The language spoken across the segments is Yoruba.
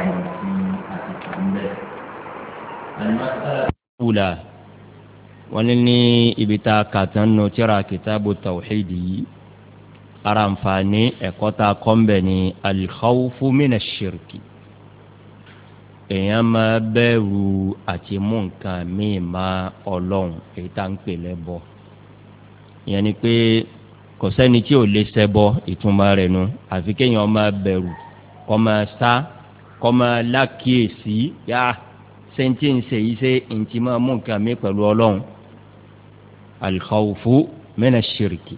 àwọn tí a ti kà ń bẹ̀. Wula wọ́n ní ní ibi tá a kà tán nù tíra kìtàbù tawhidi yìí ara nfaani ẹ̀kọ́ tá a kọ́ ń bẹ̀ ni alikawufu mina shirki èèyàn máa bẹ̀rù àti mú nǹkan míì má ọlọ́run èyí tá ń pè lẹ́bọ ìyẹn ni pé kò sẹ́ni tí ò lè ṣẹbọ ìtumọ̀ rẹ̀ nu àfi kéèyàn máa bẹ̀rù kọ́ máa sá kọ́mọ lákìyèsí yá sẹ́ńtì ń ṣe yìí ṣe ǹtí máa mú nǹkan mi pẹ̀lú ọlọ́run alkhawfu min ash-shirki.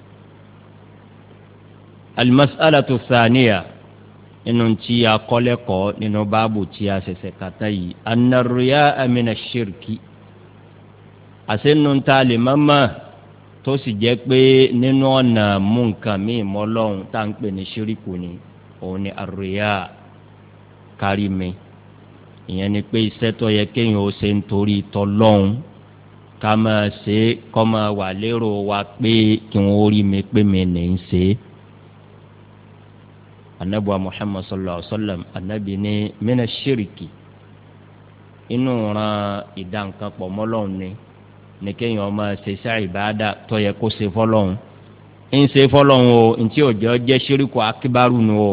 al-mas'alatu thaniya nínú tí a kọ́lẹ́kọ̀ọ́ nínú báàbù tí a ṣẹ̀ṣẹ̀ kàtá yìí anna ar-riya'a min ash ta lè tó sì jẹ́ pé nínú ọ̀nà mú nǹkan mi mọ́ ọlọ́run tá à ń pè ní ṣíríkù ni òun ni ar kárí mi ìyẹn ni pé iṣẹ́ tó yẹ kéèyàn ó ṣe nítorí tọlọ́hún ká máa ṣe kọ́ máa wà lérò wa pé kí wọ́n rí mi pé mi ní í ṣe é anabuwa muhammad sallallahu alaihi wa sallam anabi ni mina shiriki inú ran ìdá nǹkan pọ̀ mọ́lọ́hún ni ní kéèyàn máa ṣe iṣẹ́ ìbáadà tó yẹ kó ṣe fọ́lọ́hún ń ṣe fọ́lọ́hún o ntí òjò jẹ́ shiriku akibaru nu o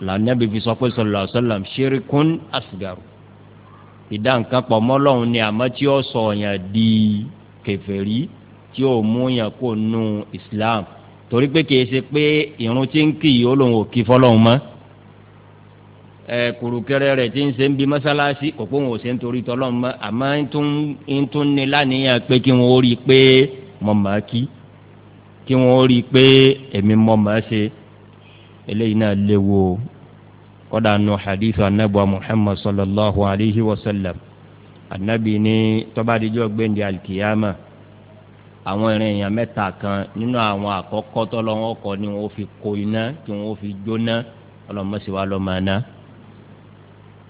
lànàbí fi sọ pé sọlọ sọlọ ṣerikun asgaru ìdá nǹkan pọ̀ mọ́lọ́hún ni àmọ́ tí ó sọ yàn di kèfèrí tí ó mú yàn kó nu islam torí pé kìí ṣe pé irun tí ń kì í ó lòun ò kí fọlọ́hún mọ́ ẹ kùrùkẹrẹ rẹ tí ń ṣe ń bi mọ́sálásí kò pé òun ò ṣe ń torí tọ́lọ́hún mọ́ àmọ́ ń tún ní láníyàn pé kí wọ́n rí i pé mọ̀ máa kí kí wọ́n rí i pé èmi mọ̀ máa ṣe eléyìí náà léwu o kọ́dà nù hadith anabuwa muhammad sallallahu alayhi wa sallam anabi ní tọ́ba díjọ́ gbẹ̀ndé alikiyama àwọn ìrìn èèyàn mẹ́ta kan nínú àwọn àkọ́kọ́ tọ́lọ́wọ́ kọ́ ni wọ́n fi kó iná tí wọ́n fi jóná ọlọ́mọṣẹ́wá lọ́mọ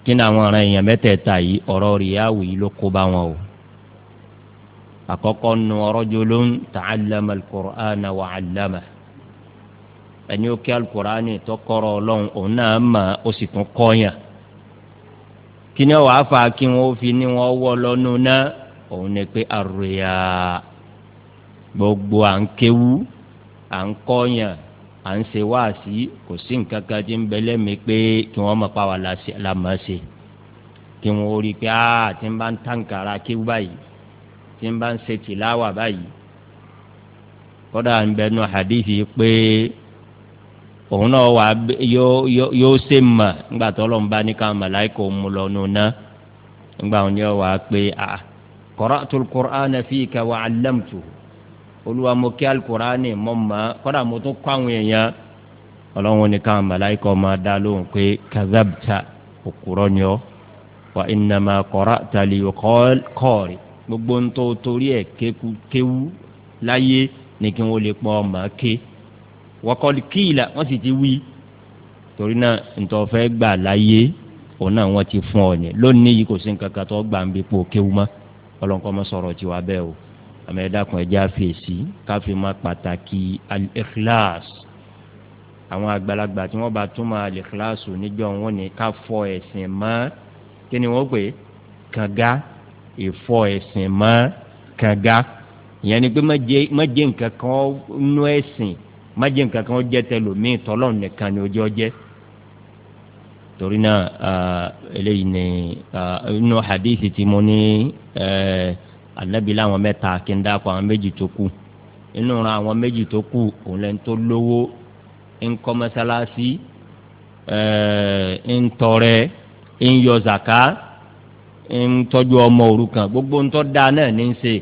kí ni àwọn ọ̀ràn èèyàn mẹ́tẹ̀ẹ̀ta yìí ọ̀rọ̀ rìyáwó yìí ló kó bá wọn o àkọ́kọ́ nu ọ̀rọ̀ jolóhùn tàálàmà alukur'an wa àlámà ẹni ó kí alukurani tọkọrọ ọlọ́run òun náà mà ó sì tún kọyàn kí ni wàá fà á kí wọn fi ní wọn wọ lọnù náà òun ni pé àròyà gbogbo à ń kéwú à ń kọyàn à ń ṣe wáàsí kò sí nǹkan kan tí ń bẹ lẹ́mìí pé kí wọ́n mọ̀ pa wà lámà ṣe kí wọ́n rí i pé áà tí ń bá ń tànkàrà kéwú báyìí tí ń bá ń ṣe tìláwà báyìí kódà ń bẹnu hadithi pé òun náà wà yóò ṣe mà ńgbà tó lọ́n bá ní ká màláìkò mu lọ nùnà ńgbà wọn yóò wà pé a qara'tu al-Qur'ana fika wa 'allamtu olúwa mo kí al-Qur'ani mọ́ mà kọ́dà mo tún kọ́ àwọn èèyàn ọlọ́run ní ká màláìkò máa dá lóhùn pé kadhabta òkúrọ́ ni ọ́ wa innama qara'ta li yuqal gbogbo ń tó torí ẹ̀ kéwu láyé ní kí wọ́n lè pọ́ ọ wọ́kọ́lì kíìlà wọ́n sì ti wí torí náà ntọ́fẹ́ gbà láyé òun náà wọ́n ti fún ọ ní lónìí yìí kò sí nǹkan kan tó gbà ń bí po kéwu mọ́ ọlọ́nkọ́ mọ́ sọ̀rọ̀ tiwa bẹ́ẹ̀ o àmọ́ ẹ dákun ẹjẹ́ àfẹ̀sí káfí má pàtàkì al-ikhlas àwọn àgbàlagbà tí wọ́n bá túmọ̀ al-ikhlas níjọ́ wọn ni ká fọ ẹ̀sìn mọ́ kí ni wọ́n pè é kànga ìfọ ẹ̀sìn mọ́ kànga ìyẹn ni pé má jẹ́ nǹkan kan nú májè nǹkan kan ó jẹ́ tẹlòmíì tọ́lọ́run nìkan ni ojú ọjẹ́ torí náà eléyìí ni inú hadithi tí mo ní anabi láwọn mẹ́ta kí n dáko àwọn méjì tó kù inú ra àwọn méjì tó kù òun lẹ́ni tó lówó ń kọ́ mọ́sálásí ń tọrẹ ń yọ zaka ń tọ́jú ọmọ òrukàn gbogbo ń tọ́ da náà ní í ṣe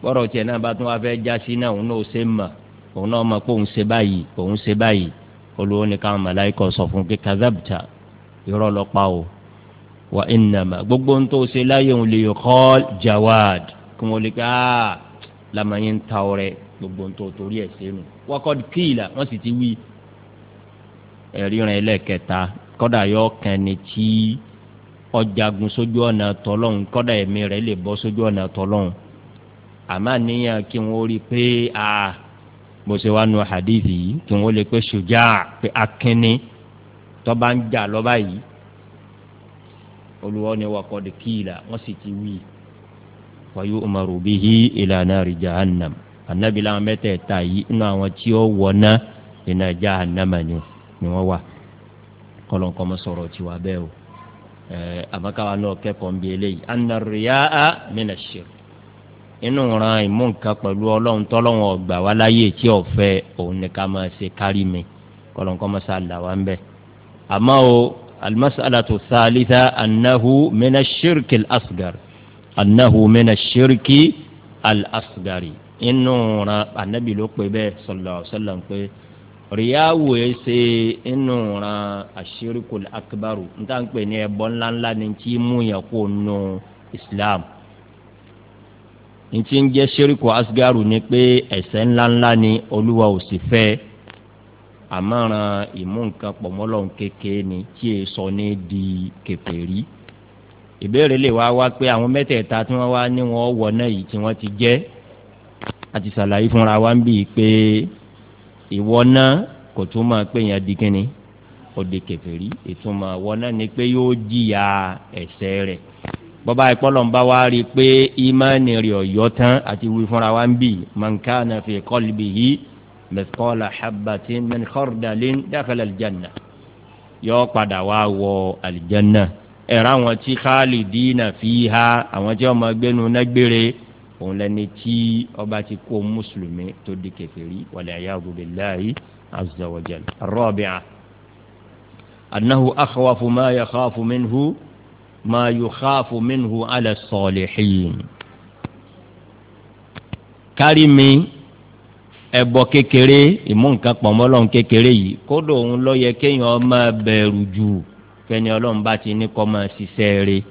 gbọ́dọ̀ tiẹ̀ náà bá tún wá fẹ́ jásí náà òun náà ó ṣe mọ̀ òun náà mọ̀ pé òun ṣe báyìí òun ṣe báyìí olùwọ́n ní káwọn màláìkọ sọ fún kí kazabta irọ́ lọ pa o wa innama gbogbo ń tó ṣe láyé òun lè kọ́ jawad kí wọ́n lè ká lamani ń ta ọrẹ gbogbo ń tó torí ẹ̀ ṣe nù wakọ́d kíìlà wọ́n sì ti wí ẹ̀ríran ẹlẹ́kẹta kọ́dà yọ kẹni tí ọjàgun sójú ọ̀nà tọ́lọ́hún kọ́dà ẹ̀mí rẹ̀ lè bọ́ sójú ọ̀nà tọ́lọ́hún àmọ́ àníyàn kí wọ́n rí i pé àà. bó ṣe hadithi yìí kí le pe pé ṣùjá pé akínní tọ́ba ń jà lọ́ba yìí olùwọ́ ni wọ́n kọ́ di kíìlà wọ́n sì ti wí wàyú umaru bihi ilana rí jahannam anabi làwọn mẹ́tẹ̀ẹ̀ta yìí inú àwọn tí ó wọ̀ná iná jahannama ni wọ́n wa kọ́lọ́nkọ́ mọ́ sọ̀rọ̀ tiwa bẹ́ẹ̀ o àmọ́ káwa náà kẹ́kọ̀ọ́ ń bi eléyìí anna riyaa mina shirk. inú ran ìmú nǹkan pẹ̀lú ọlọ́run tọ́lọ́run ọ̀gbà wá láyé tí ọ̀fẹ́ òun ni ká máa ṣe kárí mi kọ́lọ́n kọ́ máa ṣàlà wá ń bẹ̀. àmọ́ o almasalatu thalitha annahu mina shirki al-asgar annahu mina shirki al-asgari inú ran anabi ló pe bẹ́ẹ̀ sọlọ sọlọ pé ríyáwó ẹ ṣe inú ran ashirikul akbaru níta ń pè ní ẹbọ ńláńlá ni tí mú yẹn kó nù islam. No ntí ń jẹ́ sẹ́ríkù asgaru ni pé ẹ̀ṣẹ̀ ńláńlá ni olúwa ò sì fẹ́ àmọ́ràn ìmú nǹkan pọ̀mọ́lọ́n kékeré ni tí e sọ ní di kèfèrí ìbéèrè lè wá wá pé àwọn mẹ́tẹ̀ẹ̀ta tí wọ́n wá ní wọ́n wọ̀ náà yìí tí wọ́n ti jẹ́ àti sàlàyé fúnra wa ń bì í pé ìwọ náà kò tún máa pè yẹn di kínni ó di ìtumọ̀ ìwọ náà ni pé yóò jìyà ẹ̀ṣẹ̀ rẹ̀ bọ́bá ìpọ́lọ̀ ń bá wá rí i pé ìmánì rẹ̀ ọ̀yọ́ tán àti wí fúnra wa ń bì mọ̀nká náà fi kọ́lìbì yìí mẹ́kọ́lá habbatin min khardalin dákàlẹ̀ aljanna yọ padà wá wọ aljanna ẹ̀rọ àwọn tí khalidina fiha àwọn tí ọmọ gbénu nágbére òun lẹni tí ọba ti kó mùsùlùmí tó di kẹfẹ́rí wàlẹ̀ ayáwó billahi azza wa jalla. الرابعة أنه أخوف ما يخاف منه ma yukhafu minhu ala salihin. kárí mi ẹbọ kékeré ìmú nǹkan pọ̀mọ́ lọ́n kékeré yìí kódà òun lọ yẹ kéèyàn máa bẹ̀rù jù kẹ́ni ọlọ́run bá ti ní kọ́ máa ṣiṣẹ́ rẹ̀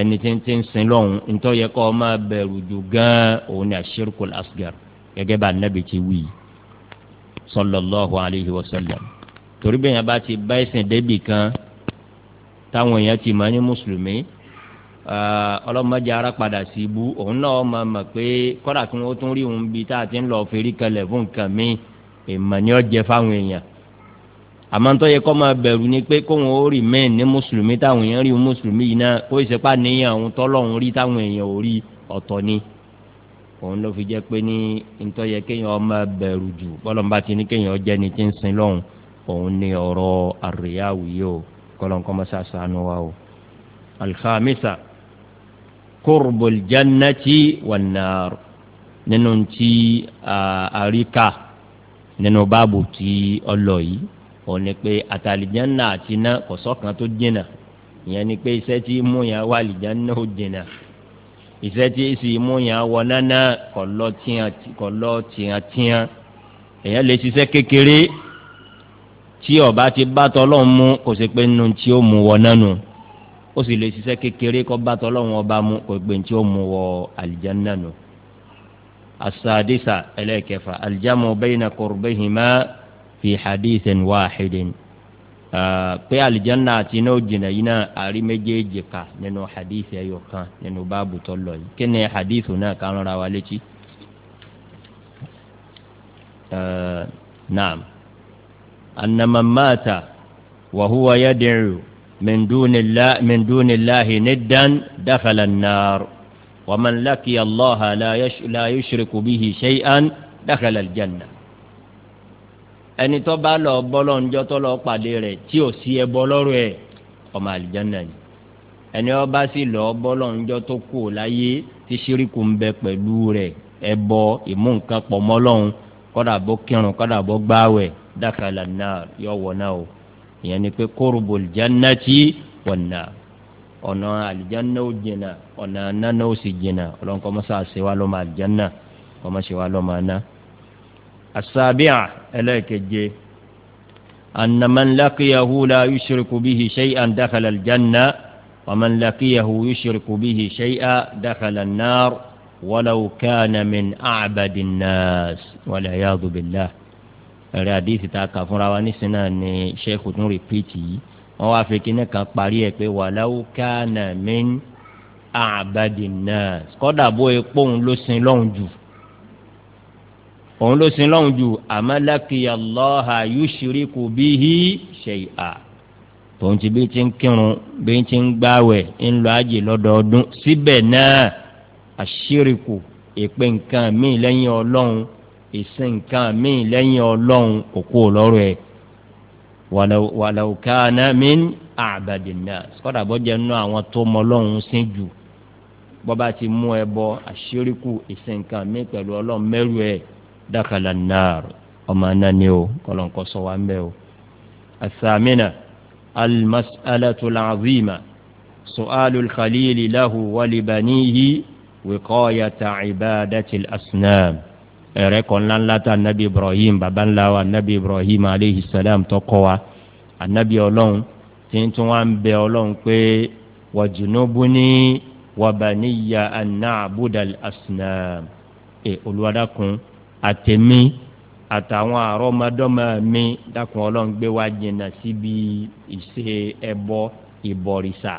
ẹni tí ń ti ń sin lọ́hùn ntọ́ yẹ kọ́ máa bẹ̀rù jù gan-an òun ni ashirkul asgar gẹ́gẹ́ bá nàbì ti wí sallallahu alayhi wa sallam torí bẹ́ẹ̀ yẹn bá ti bá ẹ̀sìn débì kan táwọn èèyàn ti mọ̀ ní mùsùlùmí ọlọ́mọdé ara padà sí ibú òun náà mọ̀ mọ̀ pé kọ́dà kí wọ́n tún rí òun bíi tá a ti ń lọ fèrí kalẹ̀ fún nǹkan mi èèmọ̀ ni ó jẹ fáwọn èèyàn àmọ́ tó yẹ kó máa bẹ̀rù ni pé kóun ó rí mẹ́ẹ̀ ní mùsùlùmí táwọn èèyàn rí mùsùlùmí yìí náà kó ìsepá níyàn òun tọ́lọ́run rí táwọn èèyàn ò rí ọ̀tọ̀ ni òun ló fi jẹ́ pé ní ntọ́ yẹ kéèyàn máa bẹ̀rù jù bọ́lọ́mbà ti ní kéèyàn jẹ́ ni ti ń sin lọ́hùn òun ni ọ̀rọ̀ àríyáwó yìí o kọ́lọ́nkọ́ mọ́ sàṣàánú wa o. alhamisa kurbul jannati wannar nínú ti àríkà nínú báàbù tí ọlọ yìí òun ni pé àtàlìjánná àti iná kò sọ́kan tó jìnnà ìyẹn ni pé iṣẹ́ tí mú yẹn wà lìjánná ó jìnnà iṣẹ́ tí sì mú yẹn wọ nánà kọ̀ lọ tiyan tiyan tí ọba ti bá tọlọ́hún mú kò sí pé nínú tí ó mú wọ nánu ó sì lè ṣiṣẹ́ kékeré kọ́ bá tọlọ́hún ọba mú kò pé tí ó mú wọ àlìjáná nù. asadisa ẹlẹ́kẹfà aljamu bayna qurbihima fi hadithin wahidin pé àlìjáná àti iná òjìnà yìí náà àrí méjèèjì kà nínú hadith ẹyọ kan nínú báàbù tọlọ yìí kí ni hadith náà kàn ra wa létí. naam. أن من مات وهو يدعو من دون الله, من دون الله ندا دخل النار ومن لقي الله لا يشرك به شيئا دخل الجنة ẹni tó bá lọ bọ́lọ́ ńjọ́ tó lọ pàdé rẹ̀ tí ò sí ẹbọ lọ́rọ̀ ẹ̀ ọmọ àlìjánná ni ẹni ó bá sì lọ bọ́lọ́ ńjọ́ tó kú ò láyé tí ṣíríkù ń bẹ pẹ̀lú rẹ̀ ẹbọ ìmú nǹkan pọ̀ mọ́ Ọlọ́hun kọ́dà bó kírun kọ́dà bó gbáwẹ̀ dakala an-nar yọ wọ náà o ìyẹn pé qurbul jannati wan nar ọ̀nà àlìjáná ó jìnnà ọ̀nà nánà ó sì jìnnà ọlọ́run kọ́ sa ṣe wá lọ́mọ àlìjáná kọ́ mọ́ ṣe wá lọ́mọ aná. asabi'a ẹlẹ́ẹ̀keje anna man laqiyahu la yushriku bihi shay'an dakhala aljanna wa man laqiyahu yushriku bihi shay'an dakhala an-nar walau kana min a'badi an-nas wal-'iyadhu billah. ẹ̀rẹ́ àdéhìí ta kà fúnra wa nísìnyí náà ni sheikh tún rìpíìtì yìí wọ́n wá fi kíní kan parí ẹ̀ pé wàláwù kánà mí àbàdì náà kọ́dà bó epo òun ló sin lọ́hùn jù òun ló sin lọ́hùn jù àmàlákìyà lọ́ha yusuriku bíhi ṣèyà tòun ti bí ti ń kírun bí ti ń gbáwẹ̀ ń lọ àjè lọ́dọọdún síbẹ̀ náà àṣírìkù èpè nǹkan míì lẹ́yìn ọlọ́run ìsìn nǹkan míì lẹ́yìn ọlọ́run òkú ọlọ́rọ̀ ẹ̀ walau kana min àbàdìnnà kọ́dà bọ́ jẹ́ nínú àwọn tó mọ ọlọ́run sìn jù bọ́ba ti mú ẹ bọ àṣírìkù ìsìn nǹkan míì pẹ̀lú ọlọ́run mẹ́rù ẹ̀ dákàlà náà ọmọ náà o kọ́lọ́nkọ́ sọ wa ń o. àsàmìnà المسألة العظيمة سؤال الخليل له ولبنيه وقاية عبادة الأصنام ẹ̀rẹ́ kọ́ ńláńlá tá ibrahim babanlawa Nabi ibrahim aleyhi salam tó kọ́ wa anabi ọlọ́run tí ń tún wá ń bẹ ọlọ́run pé wàjúnúbù ní wàbàníyà anna abudal asinam ẹ olùwádàkùn àtẹ̀mí àtàwọn àrọ́mọdọ́mọ mi dákun ọlọ́run gbé wá jìnnà síbi ìṣe ẹbọ ìbọ̀rìṣà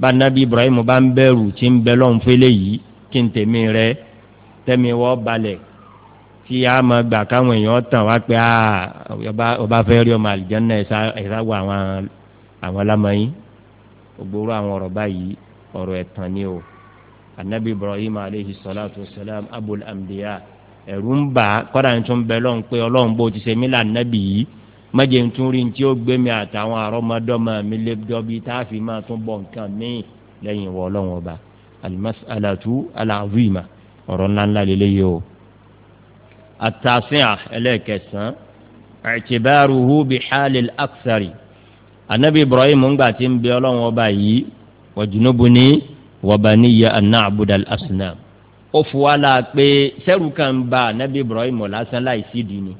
bá anabi ibrahim bá ń bẹ̀rù tí ń bẹ lọ́n yìí kí n tèmi rẹ̀ tẹ́mi wọ́ balẹ̀ tí a máa gbà káwọn èèyàn tàn wá pé ọba fẹ́ rí ọmọ àlìjánná ẹ̀sà wọ àwọn àwọn lámọ́yìn ògbóró àwọn ọ̀rọ̀ báyìí ọ̀rọ̀ ẹ̀tàn ni o anabi ibrahim aleyhi salatu salam abul amdiya ẹ̀rù ń bà kọ́dà ń tún bẹ lọ́n pé ọlọ́run bó ti ṣe mí là nábì yìí mọ̀jẹ̀ ń tún rí ní tí ó gbé mi àtàwọn àrọ́mọdọ́mọ mi lé dọ́bí tá a fi máa tún bọ̀ nǹkan míì lẹ́yìn ìwọ ọlọ́run ọba alimasalatu alaazima. Al ọ̀rọ̀ ńláńlá lélẹ́yìí o. àtàsíà ẹlẹ́ẹ̀kẹsàn-án ẹ̀tìbáruhu bí xaalil aksari anabi ibrahim ń gbà tí ń bẹ ọlọ́run ọba yìí wàjúnúbu ní wàbàníyà anna abudul asinam. ó fún wa la pé sẹ́rù kan bá anabi ibrahim lásán láìsí di ni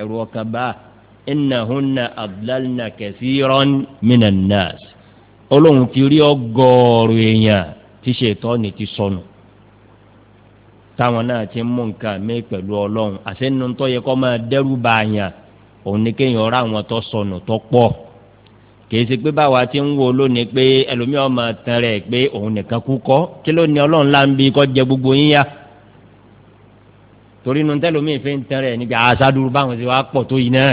ẹ̀rù ọkàn bá ìnáhùnà abdulhalna kẹfìrán minan nas. olóhùn ti rí ọgọ́rùn èèyàn tí ṣètọ́ ni ti sọnù táwọn náà ti ń mú nǹkan mí pẹ̀lú ọlọ́run àṣẹ nínú tó yẹ kó máa dẹ́rù bá a yàn òun ni kéèyàn ọ̀rọ̀ àwọn tó sọnù tó pọ̀ kìí ṣe pé báwa ti ń wo lónìí pé ẹlòmíràn máa tan rẹ̀ pé òun nìkan kú kọ́ kí ló ní ọlọ́run lá ń bi kọ́ jẹ gbogbo yín yá torí nu tẹlomi fi ń tẹrẹ níbi àṣàdúró báwọn ṣe wá pọ̀ tó yìí náà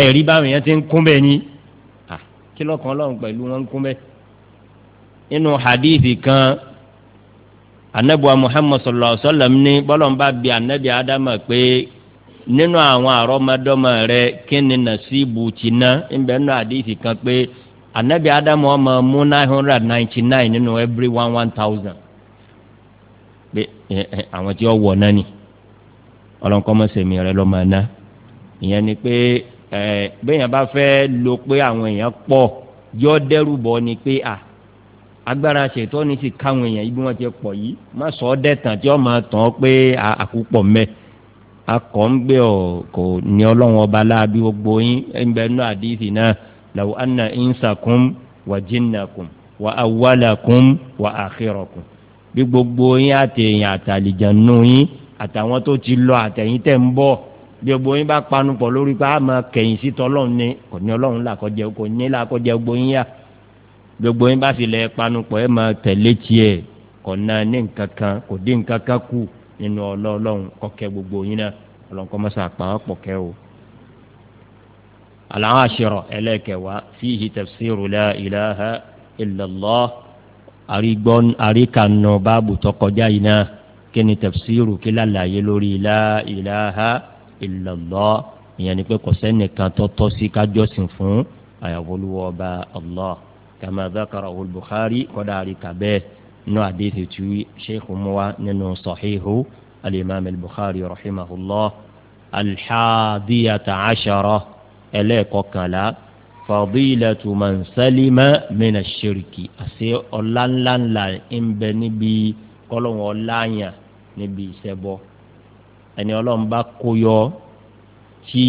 ẹ rí báwọn yẹn ti ń kún bẹ́ẹ̀ ni kí lọ́kàn ọlọ́run pẹ̀lú wọn ń kún bẹ́ẹ̀. nínú hadithi kan anabuwa muhammad sallallahu alaihi wa sallam ni bọ́lọ́mbà bíi anabi adama pé nínú àwọn àrọ́mọdọ́mọ rẹ kí ni nasibu ti ná nbẹ nínú àdìsí kan pé anabi adama ọmọ mú nine hundred ninety nine nínú every one one thousand pé àwọn tí ó wọ̀ náà ni ọlọ́nkọ́mọsẹ̀mí rẹ lọ́mọ náà ìyẹn ni pé bẹ́ẹ̀ yẹn bá fẹ́ lo pé àwọn èèyàn pọ̀ yọ dẹ́rù bọ́ ni pé à. Ah, agbára ṣètọ́ ni sì káwọn èèyàn ibi wọn ti pọ̀ yìí má sọ ọ́ dẹ́tàn tí ó máa tàn ọ́ pé àkúpọ̀ mẹ́ akọ̀ ń gbé ọ kò ní ọlọ́run ọba láàbí gbogbo yín ẹgbẹ́ náà àdìsí náà làwọn àna ìnsàkùn wà jìnnàkùn wà awàlàkùn wà àkìrọ̀kùn bí gbogbo yín àtẹ̀yìn àtàlìjànú yín àtàwọn tó ti lọ àtẹ̀yìn tẹ̀ ń bọ̀ bí gbogbo yín bá panupọ̀ lórí pé a máa kẹ̀yìn sí tọ́lọ́run ni kò ní ọlọ́run làkọ́jẹ́ kò ní làkọ́jẹ́ gbogbo yín yá gbogbo yín bá sì lẹ panupọ̀ ẹ máa tẹ̀lé tiẹ̀ kọ̀nà ní nǹkan kan kò dín nǹkan kan kù nínú ọlọ́ọ̀lọ́hún kọ́kẹ́ gbogbo yín náà ọlọ́nkọ́ mọ́sá àpáwọ́pọ̀ kẹ́ o. àlàáhùn àṣírọ̀ ẹlẹ́kẹ̀wá fíhì tafsiru la ilaha illallah àrígbọ́n àríkànnà báàbù tọkọjá yìí náà kí tafsiru kí lálàyé lórí la ilaha illallah ìyẹn ni pé kò sẹ́nìkan tọ́tọ́ sí kájọ́sìn fún àyàwó olúwọ́ allah kama dhakarahu al-Bukhari kọ́dà àríkà bẹ́ẹ̀ nínú àdéhùn tí sheikh muwa nínú sahihu al-imam al-Bukhari rahimahullah alḥadiyata ashara ẹlẹ́ẹ̀kọkànlá fadilatu man salima min ash-shirki àti ọ̀làǹlàǹlà ń bẹ níbi kọ́lọ́wọ́n ọ̀làǹyà níbi ìṣẹ́bọ ẹni ọlọ́run bá kó yọ tí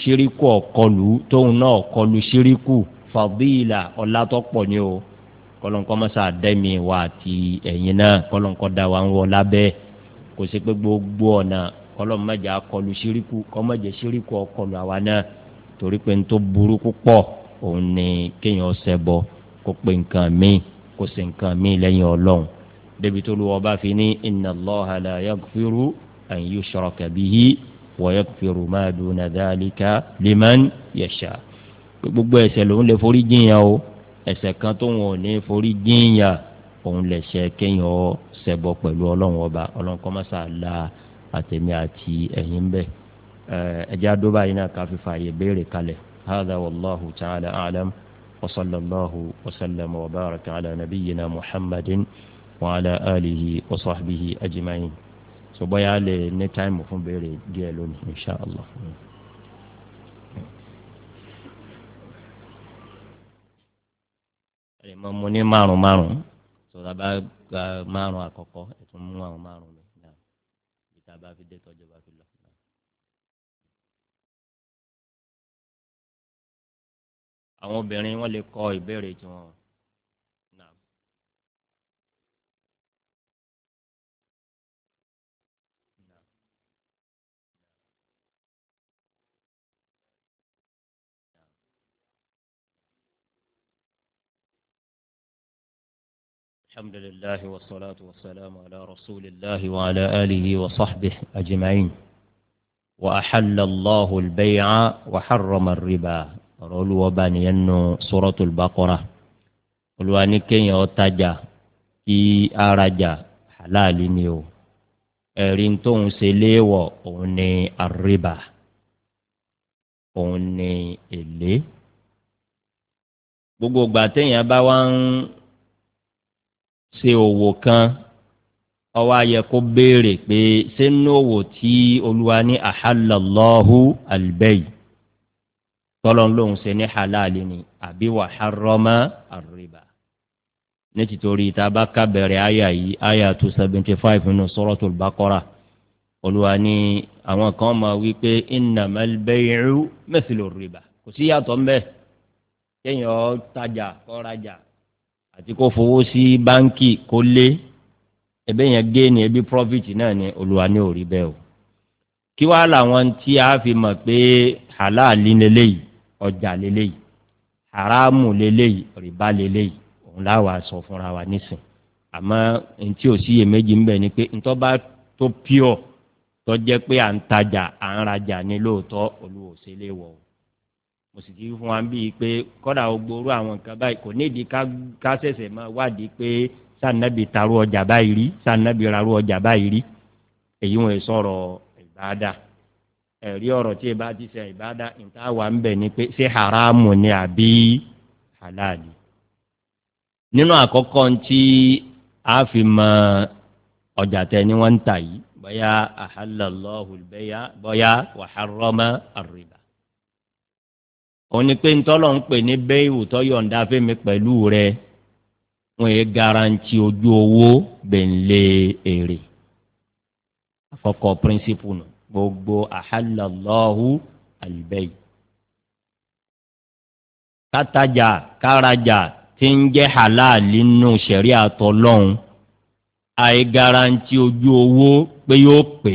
ṣíríkù ọ̀kọlù fadila ọlá tó pọ̀ ni o kọlọ́nkọ́ mọ́sá dẹ́mi wa àti ẹ̀yin náà kọlọ́nkọ́ da wa ń wọ lábẹ́ kò sí pé gbogbo ọ̀nà kọlọ́n mẹ́jà kọlu síríkù kọ́mẹ́jẹ síríkù ọkọlù àwa náà torí pé n tó burú òun ni kéèyàn ṣẹbọ kó pe nǹkan míì kó ṣe nǹkan míì lẹ́yìn ọlọ́run débi tó lu ọba fi ní inna Allaha la yaghfiru an yushraka bihi wa yaghfiru ma liman yasha gbogbo ẹ̀ṣẹ̀ lòun lè forí jiyàn o ẹ̀ṣẹ̀ kan tó wọn ò ní forí jiyàn òun lẹ̀ṣẹ̀ kéèyàn ọ ṣẹbọ pẹ̀lú ọlọ́run ọba ọlọ́run kọ́mọ́sá la àtẹ̀mí àti ẹ̀yìn bẹ́ẹ̀ ẹ̀jẹ̀ àdóbá yìí náà káfí fààyè béèrè kalẹ̀ hàdà wàlláhu ta'ala alam wa sallallahu wa sallam wa baraka ala nabiyyina muhammadin wa ala alihi wa sahbihi ajma'in so bóyá lè ní táìmù fún béèrè díẹ̀ lónìí inshàlá. ẹ̀rẹ̀ mọ́ mo ní márùn márùn sọ̀rọ̀ bá gba márùn àkọ́kọ́ ẹ̀tún mú àwọn márùn mi náà ìta bá fi dé tọ́jú bá fi lọ. àwọn obìnrin wọ́n lè kọ ìbéèrè tiwọn. الحمد لله والصلاة والسلام على رسول الله وعلى آله وصحبه أجمعين وأحل الله البيع وحرم الربا رولو وباني أنه سورة البقرة olùwàní kéèyàn ọtajà kí arajà halali ni o ẹ̀rí tóun ṣe léèwọ̀ òun ni àríbà òun ṣe òwò kan ọwọ́ ayẹ kó béèrè pé ṣé ní òwò tí olúwa ní àhàlọ́lọ́hù àlùbẹ́yì tọ́lọ́n lòun ṣe ní halali ni àbí wàhárọ́mọ́ àrùbá ní tìtorí ìtaba kábẹ̀rẹ̀ àyà yìí àyà two seventy five nínú sọ́rọ́tò bákọ́rà olúwa ní àwọn kan máa wí iná mẹ́lbẹ́yìí mẹ́sìlò rìbá kò sí yàtọ̀ ń bẹ́ẹ̀ kéèyàn tajà kọ́rajà àti kó fowó sí báńkì kó lé ẹbẹ yẹn gé ni ẹbí profit náà ni olùwà ní òrí bẹ́ẹ̀ o kí wàá làwọn tí a fi mọ̀ pé halali leléyìí ọjà leléyìí haramu leléyìí rìbá leléyìí òun láwa sọ fúnra wa nísìn àmọ́ ntí ò sí iyèméjì ń bẹ̀ ni pé ntọ́ bá tó pure tọ́jẹ́ pé à ń tajà à ń rajà ní lóòótọ́ olùwòsílẹ̀ wọ̀ o mo sì ti fún wa bíi pé kọ́dà ogboru àwọn nǹkan báyìí kò nídìí ká ṣẹ̀ṣẹ̀ máa wádìí pé sànàbì taru ọjà báyìí rí sànàbì raru ọjà báyìí rí èyí wọn sọ̀rọ̀ ìbáadà ẹ̀rí ọ̀rọ̀ tí ìbá ti ṣe ìbáadà níta wà ń bẹ̀ ni pé ṣé haramu ni àbí halali nínú àkọ́kọ́ ntí a fi mọ ọjà tẹ ni wọ́n ń tà yìí bóyá ahalallahu bẹ́yà bóyá wàhálọ́mọ àrìbá òní pé ntọ́lọ̀ ń pè ní bẹ́ẹ̀wù tó yọ̀ǹda fẹ́mi pẹ̀lú rẹ wọn yẹ garanti ojú owó bẹ̀ǹlẹ̀ èrè àfọkọ̀ píríncípù nù gbogbo àhàlàlọ́hù àlùbẹ́yì. kátajà kárajà tí ń jẹ́ halali nù sẹ̀rí àtọ̀lọ́hún àì garanti ojú owó pé yóò pé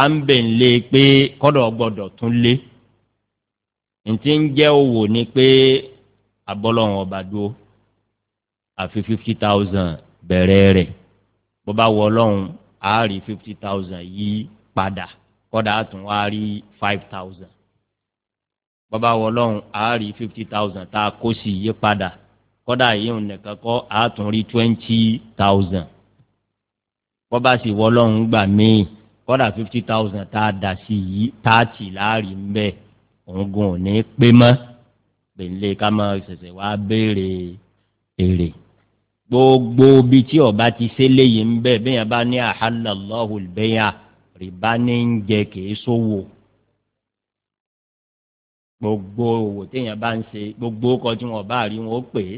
à ń bẹ̀ǹlẹ̀ pé kọ́dọ̀ gbọ́dọ̀ tún lé. ntí ń jẹ́ owó ni pé abọ́lọ́run ọba dúró àfi fifty thousand bẹ̀rẹ̀ rẹ̀ bó bá wọ ọlọ́run á rí fifty thousand yí padà kọ́dà á wá rí five thousand bó bá wọ ọlọ́run á rí fifty thousand tá a kó sí yí padà kọ́dà yíyún nìkan kọ́ á tún rí twenty thousand bó bá sì wọ ọlọ́run gbà míì kọ́dà fifty thousand tá a dà sí yí thirty láàrin bẹ́ẹ̀ òun gun ò ní pé mọ́ gbèǹlé ká máa ṣẹ̀ṣẹ̀ wá béèrè èrè gbogbo bí tí ọba ti ṣe léyìí ń bẹ bẹ́ẹ̀ bá ní àhálàlọ́hù bẹ́yà rìbá ní ń jẹ kìí sówó gbogbo òwò téèyàn bá ń ṣe gbogbo ọkọ tí wọn bá rí wọn ó pè é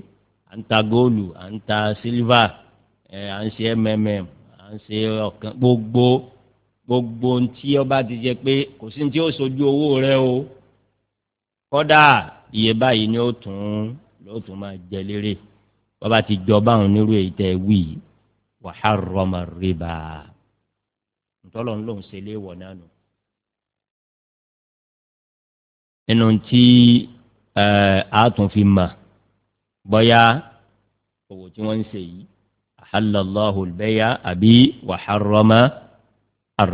à ń ta góòlù à ń ta sílvà ẹ à ń ṣe mmm à ń ṣe ọkàn gbogbo gbogbo ohun tí ọba ti jẹ pé kò sí ní tí ó sojú owó rẹ o kọ́dà iye báyìí ni ó tún ló tún máa jẹ lérè bàbá ti jọba àwọn onírú èyí tẹ wí wa harrama riba ntọ́lọ́ ń lòún ṣe léèwọ̀ náà nù. nínú tí a tún fi mà bọ́yá owó tí wọ́n ń ṣe yìí ahallallahu al-bay'a àbí wa harrama ar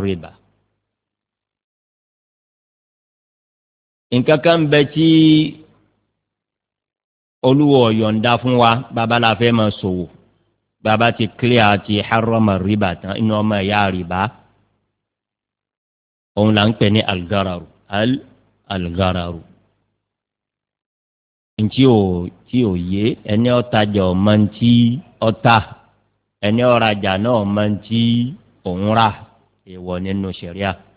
nǹkan kan ń bẹ tí olúwo yọ̀ǹda fún wa bàbá la fẹ́ máa ṣòwò bàbá ti clear ti harama riba tán inú ọmọ ẹ̀yà riba òun là ń pè ní algararu al algararu ntí o tí o yé ẹni ọ̀tajà ọmọ ntí ọ̀ta ẹni ọ̀rajà náà ọmọ ntí òun rà èèwọ̀ nínú sẹ̀ríà. No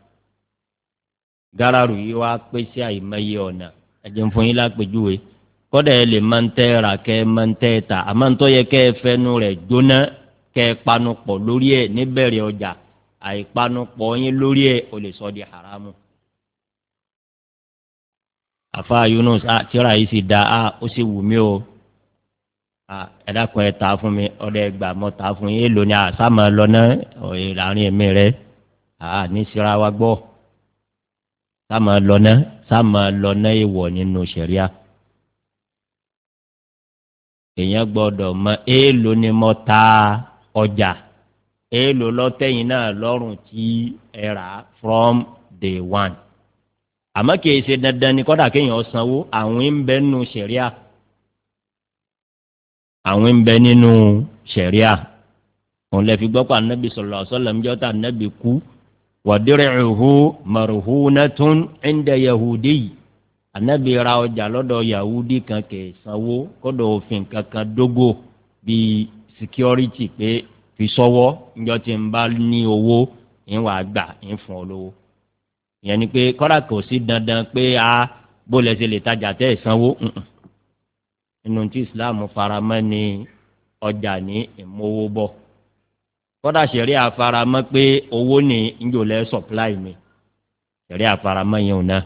gáràrú yìí wá pé sí àìmọye ọ̀nà ẹ̀jẹ̀ ń fún lápèjúwe kọ́dà ẹ lè máa ń tẹ́ ra kẹ́ ẹ máa ń tẹ́ ta àmọ́ ń tọ́yẹ kẹ́ ẹ fẹ́nu rẹ̀ jóná kẹ́ ẹ panupọ̀ lórí ẹ̀ níbẹ̀rẹ̀ ọjà àìpanupọ̀ yín lórí ẹ̀ ò lè sọ di haramu. àfa yunus a ah, tíra yìí sì da a ah, ó sì wù mí o ah, ẹ dákun ẹ ta fún mi ọdọ ẹ gbà mọ ta fún yín èlò ni àṣà máa lọ náà ìlànà sá máa lọ ná sá máa lọ ná ìwọ̀ nínú sẹ̀ríà èèyàn gbọ́dọ̀ mọ èèlò ni mo ta ọjà èèlò lọ́tẹ̀yìn náà lọ́rùn tí ẹ rà from day one àmọ́ kì í ṣe dandan ni kọ́dà kéèyàn sanwó àwọn ń bẹ nínú sẹ̀ríà àwọn ń bẹ nínú sẹ̀ríà òun lè fi gbọ́ pa ànábì sọ̀rọ̀ àṣọ lẹ́mjọ́ta ànábì kú. wàdírẹ̀hù marhunatun ẹ̀ńdẹ̀ yahudi yìí anabi ra ọjà lọ́dọ̀ yahudi kan kẹ̀ sanwó kọdọ ofin kankan dogo bíi security pé fi sọ́wọ́ njọ́ tí n bá ní owó ń wàá gbà ń fún ọ lówó ni pé kọ́dà kò dandan pé a bó lẹ́sẹ̀ lè tajà tẹ́ ẹ̀ sanwó nínú tí islam faramọ́ ni ọjà ní ìmọ̀wó kọ́dà sẹ̀rí àfaramọ́ pé owó ni njòlẹ̀ supply mi sẹ̀rí àfaramọ́ yẹn ò ná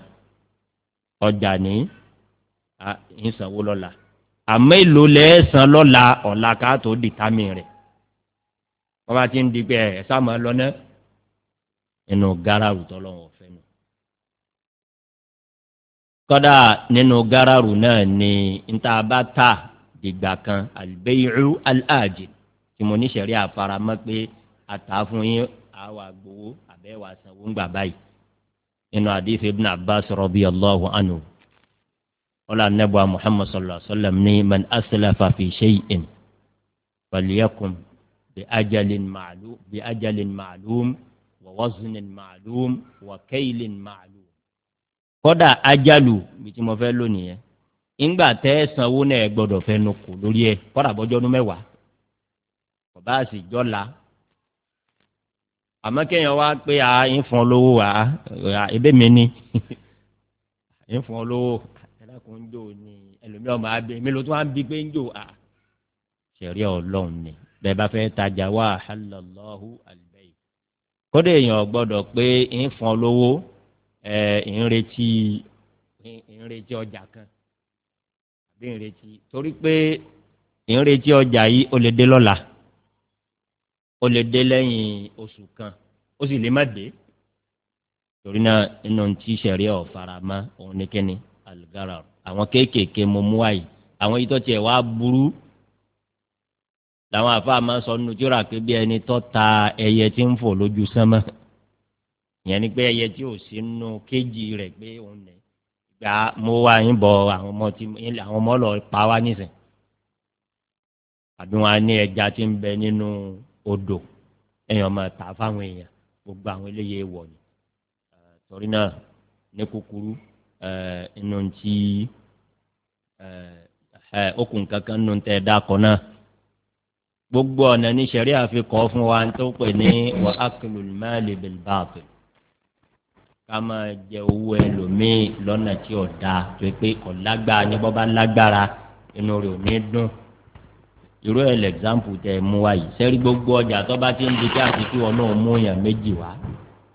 ọjà ní ìsanwó lọ́la àmọ́ èlò lẹ́ẹ̀sán lọ́la ọ̀la ká tó dìtámì rẹ̀ wọ́n bá ti ń di pé ẹ̀ sáàmù lọ́nà nínú gáràrù tọ́lọ́wọ́ ọ̀fẹ́ nù. kọ́dà nínú gáràrù náà ni níta ta dìgbà kan àlùbẹ́yìí alhaji tí mo ní sẹ̀rí àfaramọ́ pé àtà fún yín àwa gbowó àbẹ́ wa sanwó ń gbà báyìí nínú àdìsí ibn abbas rọbí allahu anu wọ́n lànà nebà muhammad sallallahu alayhi wa sallam ní man asalafa fi ṣeyin faliyakun bi ajalin maalum bi ajalin maalum wa wazunin maalum wa kaylin maalum. ajalu bí tí mo fẹ́ lónìí yẹn ńgbà tẹ́ sanwó náà gbọ́dọ̀ fẹ́ nu kù lórí ẹ̀ kódà bọ́jọ́ nu mẹ́wàá ọba àti ìjọ́la àmọ́ kéèyàn wá pé à ń fún ọ lówó à ebe mi ni ń fún ọ lówó ẹlẹ́kùn ń jò ní ẹlòmíràn máa bẹ mi ló tún wá ń bí pé ń jò à ṣẹ̀rí ọlọ́run ni bẹ́ẹ̀ bá fẹ́ tajà wá àhàlọ́lọ́hu àlùbẹ́yì kódé èèyàn gbọ́dọ̀ pé ń fún lówó ẹ̀ ń retí ń retí ọjà kan àbí ń retí torí pé ń retí ọjà yìí ó lè dé lọ́la ó lè dé lẹ́yìn oṣù kan ó sì lè má dé torí náà nínú tí sẹ̀rí ọ̀fara mọ́ òun ní kíni alugara àwọn kéékèèké mo mú àyè àwọn yìí tó tiẹ̀ wá burú làwọn àfáà máa sọ nínú jọ́ra pé bí ẹni tó ta ẹyẹ tí ń fò lójú sánmọ́ ìyẹn ni pé ẹyẹ tí ò sí nínú kéjì rẹ̀ pé òun nẹ̀ gba mo wá yín bọ àwọn ọmọ tí àwọn ọmọ lọ pa wá nísìn àbí wọn á ní ẹja tí ń bẹ nínú. No odò èèyàn máa tà fáwọn èèyàn gbogbo àwọn eléyìí wọ̀ ni torí náà ní kúkúrú inú ti okùn kankan nù tẹ dákọ náà gbogbo ọ̀nà ní sẹ̀rí àfikọ́ fún wa tó pè ní wa aklul mali bil batil ká máa jẹ owó ẹlòmíì lọ́nà tí ò dáa tó pé kò ní bọ́ bá lágbára inú rẹ̀ ò ní dùn. irú ẹ̀ lẹ́gzámpù tẹ ẹ mú wa yìí sẹ́rí gbogbo ọjà tó bá ti ń di kí àtìkú wọn náà mú yàn méjì wá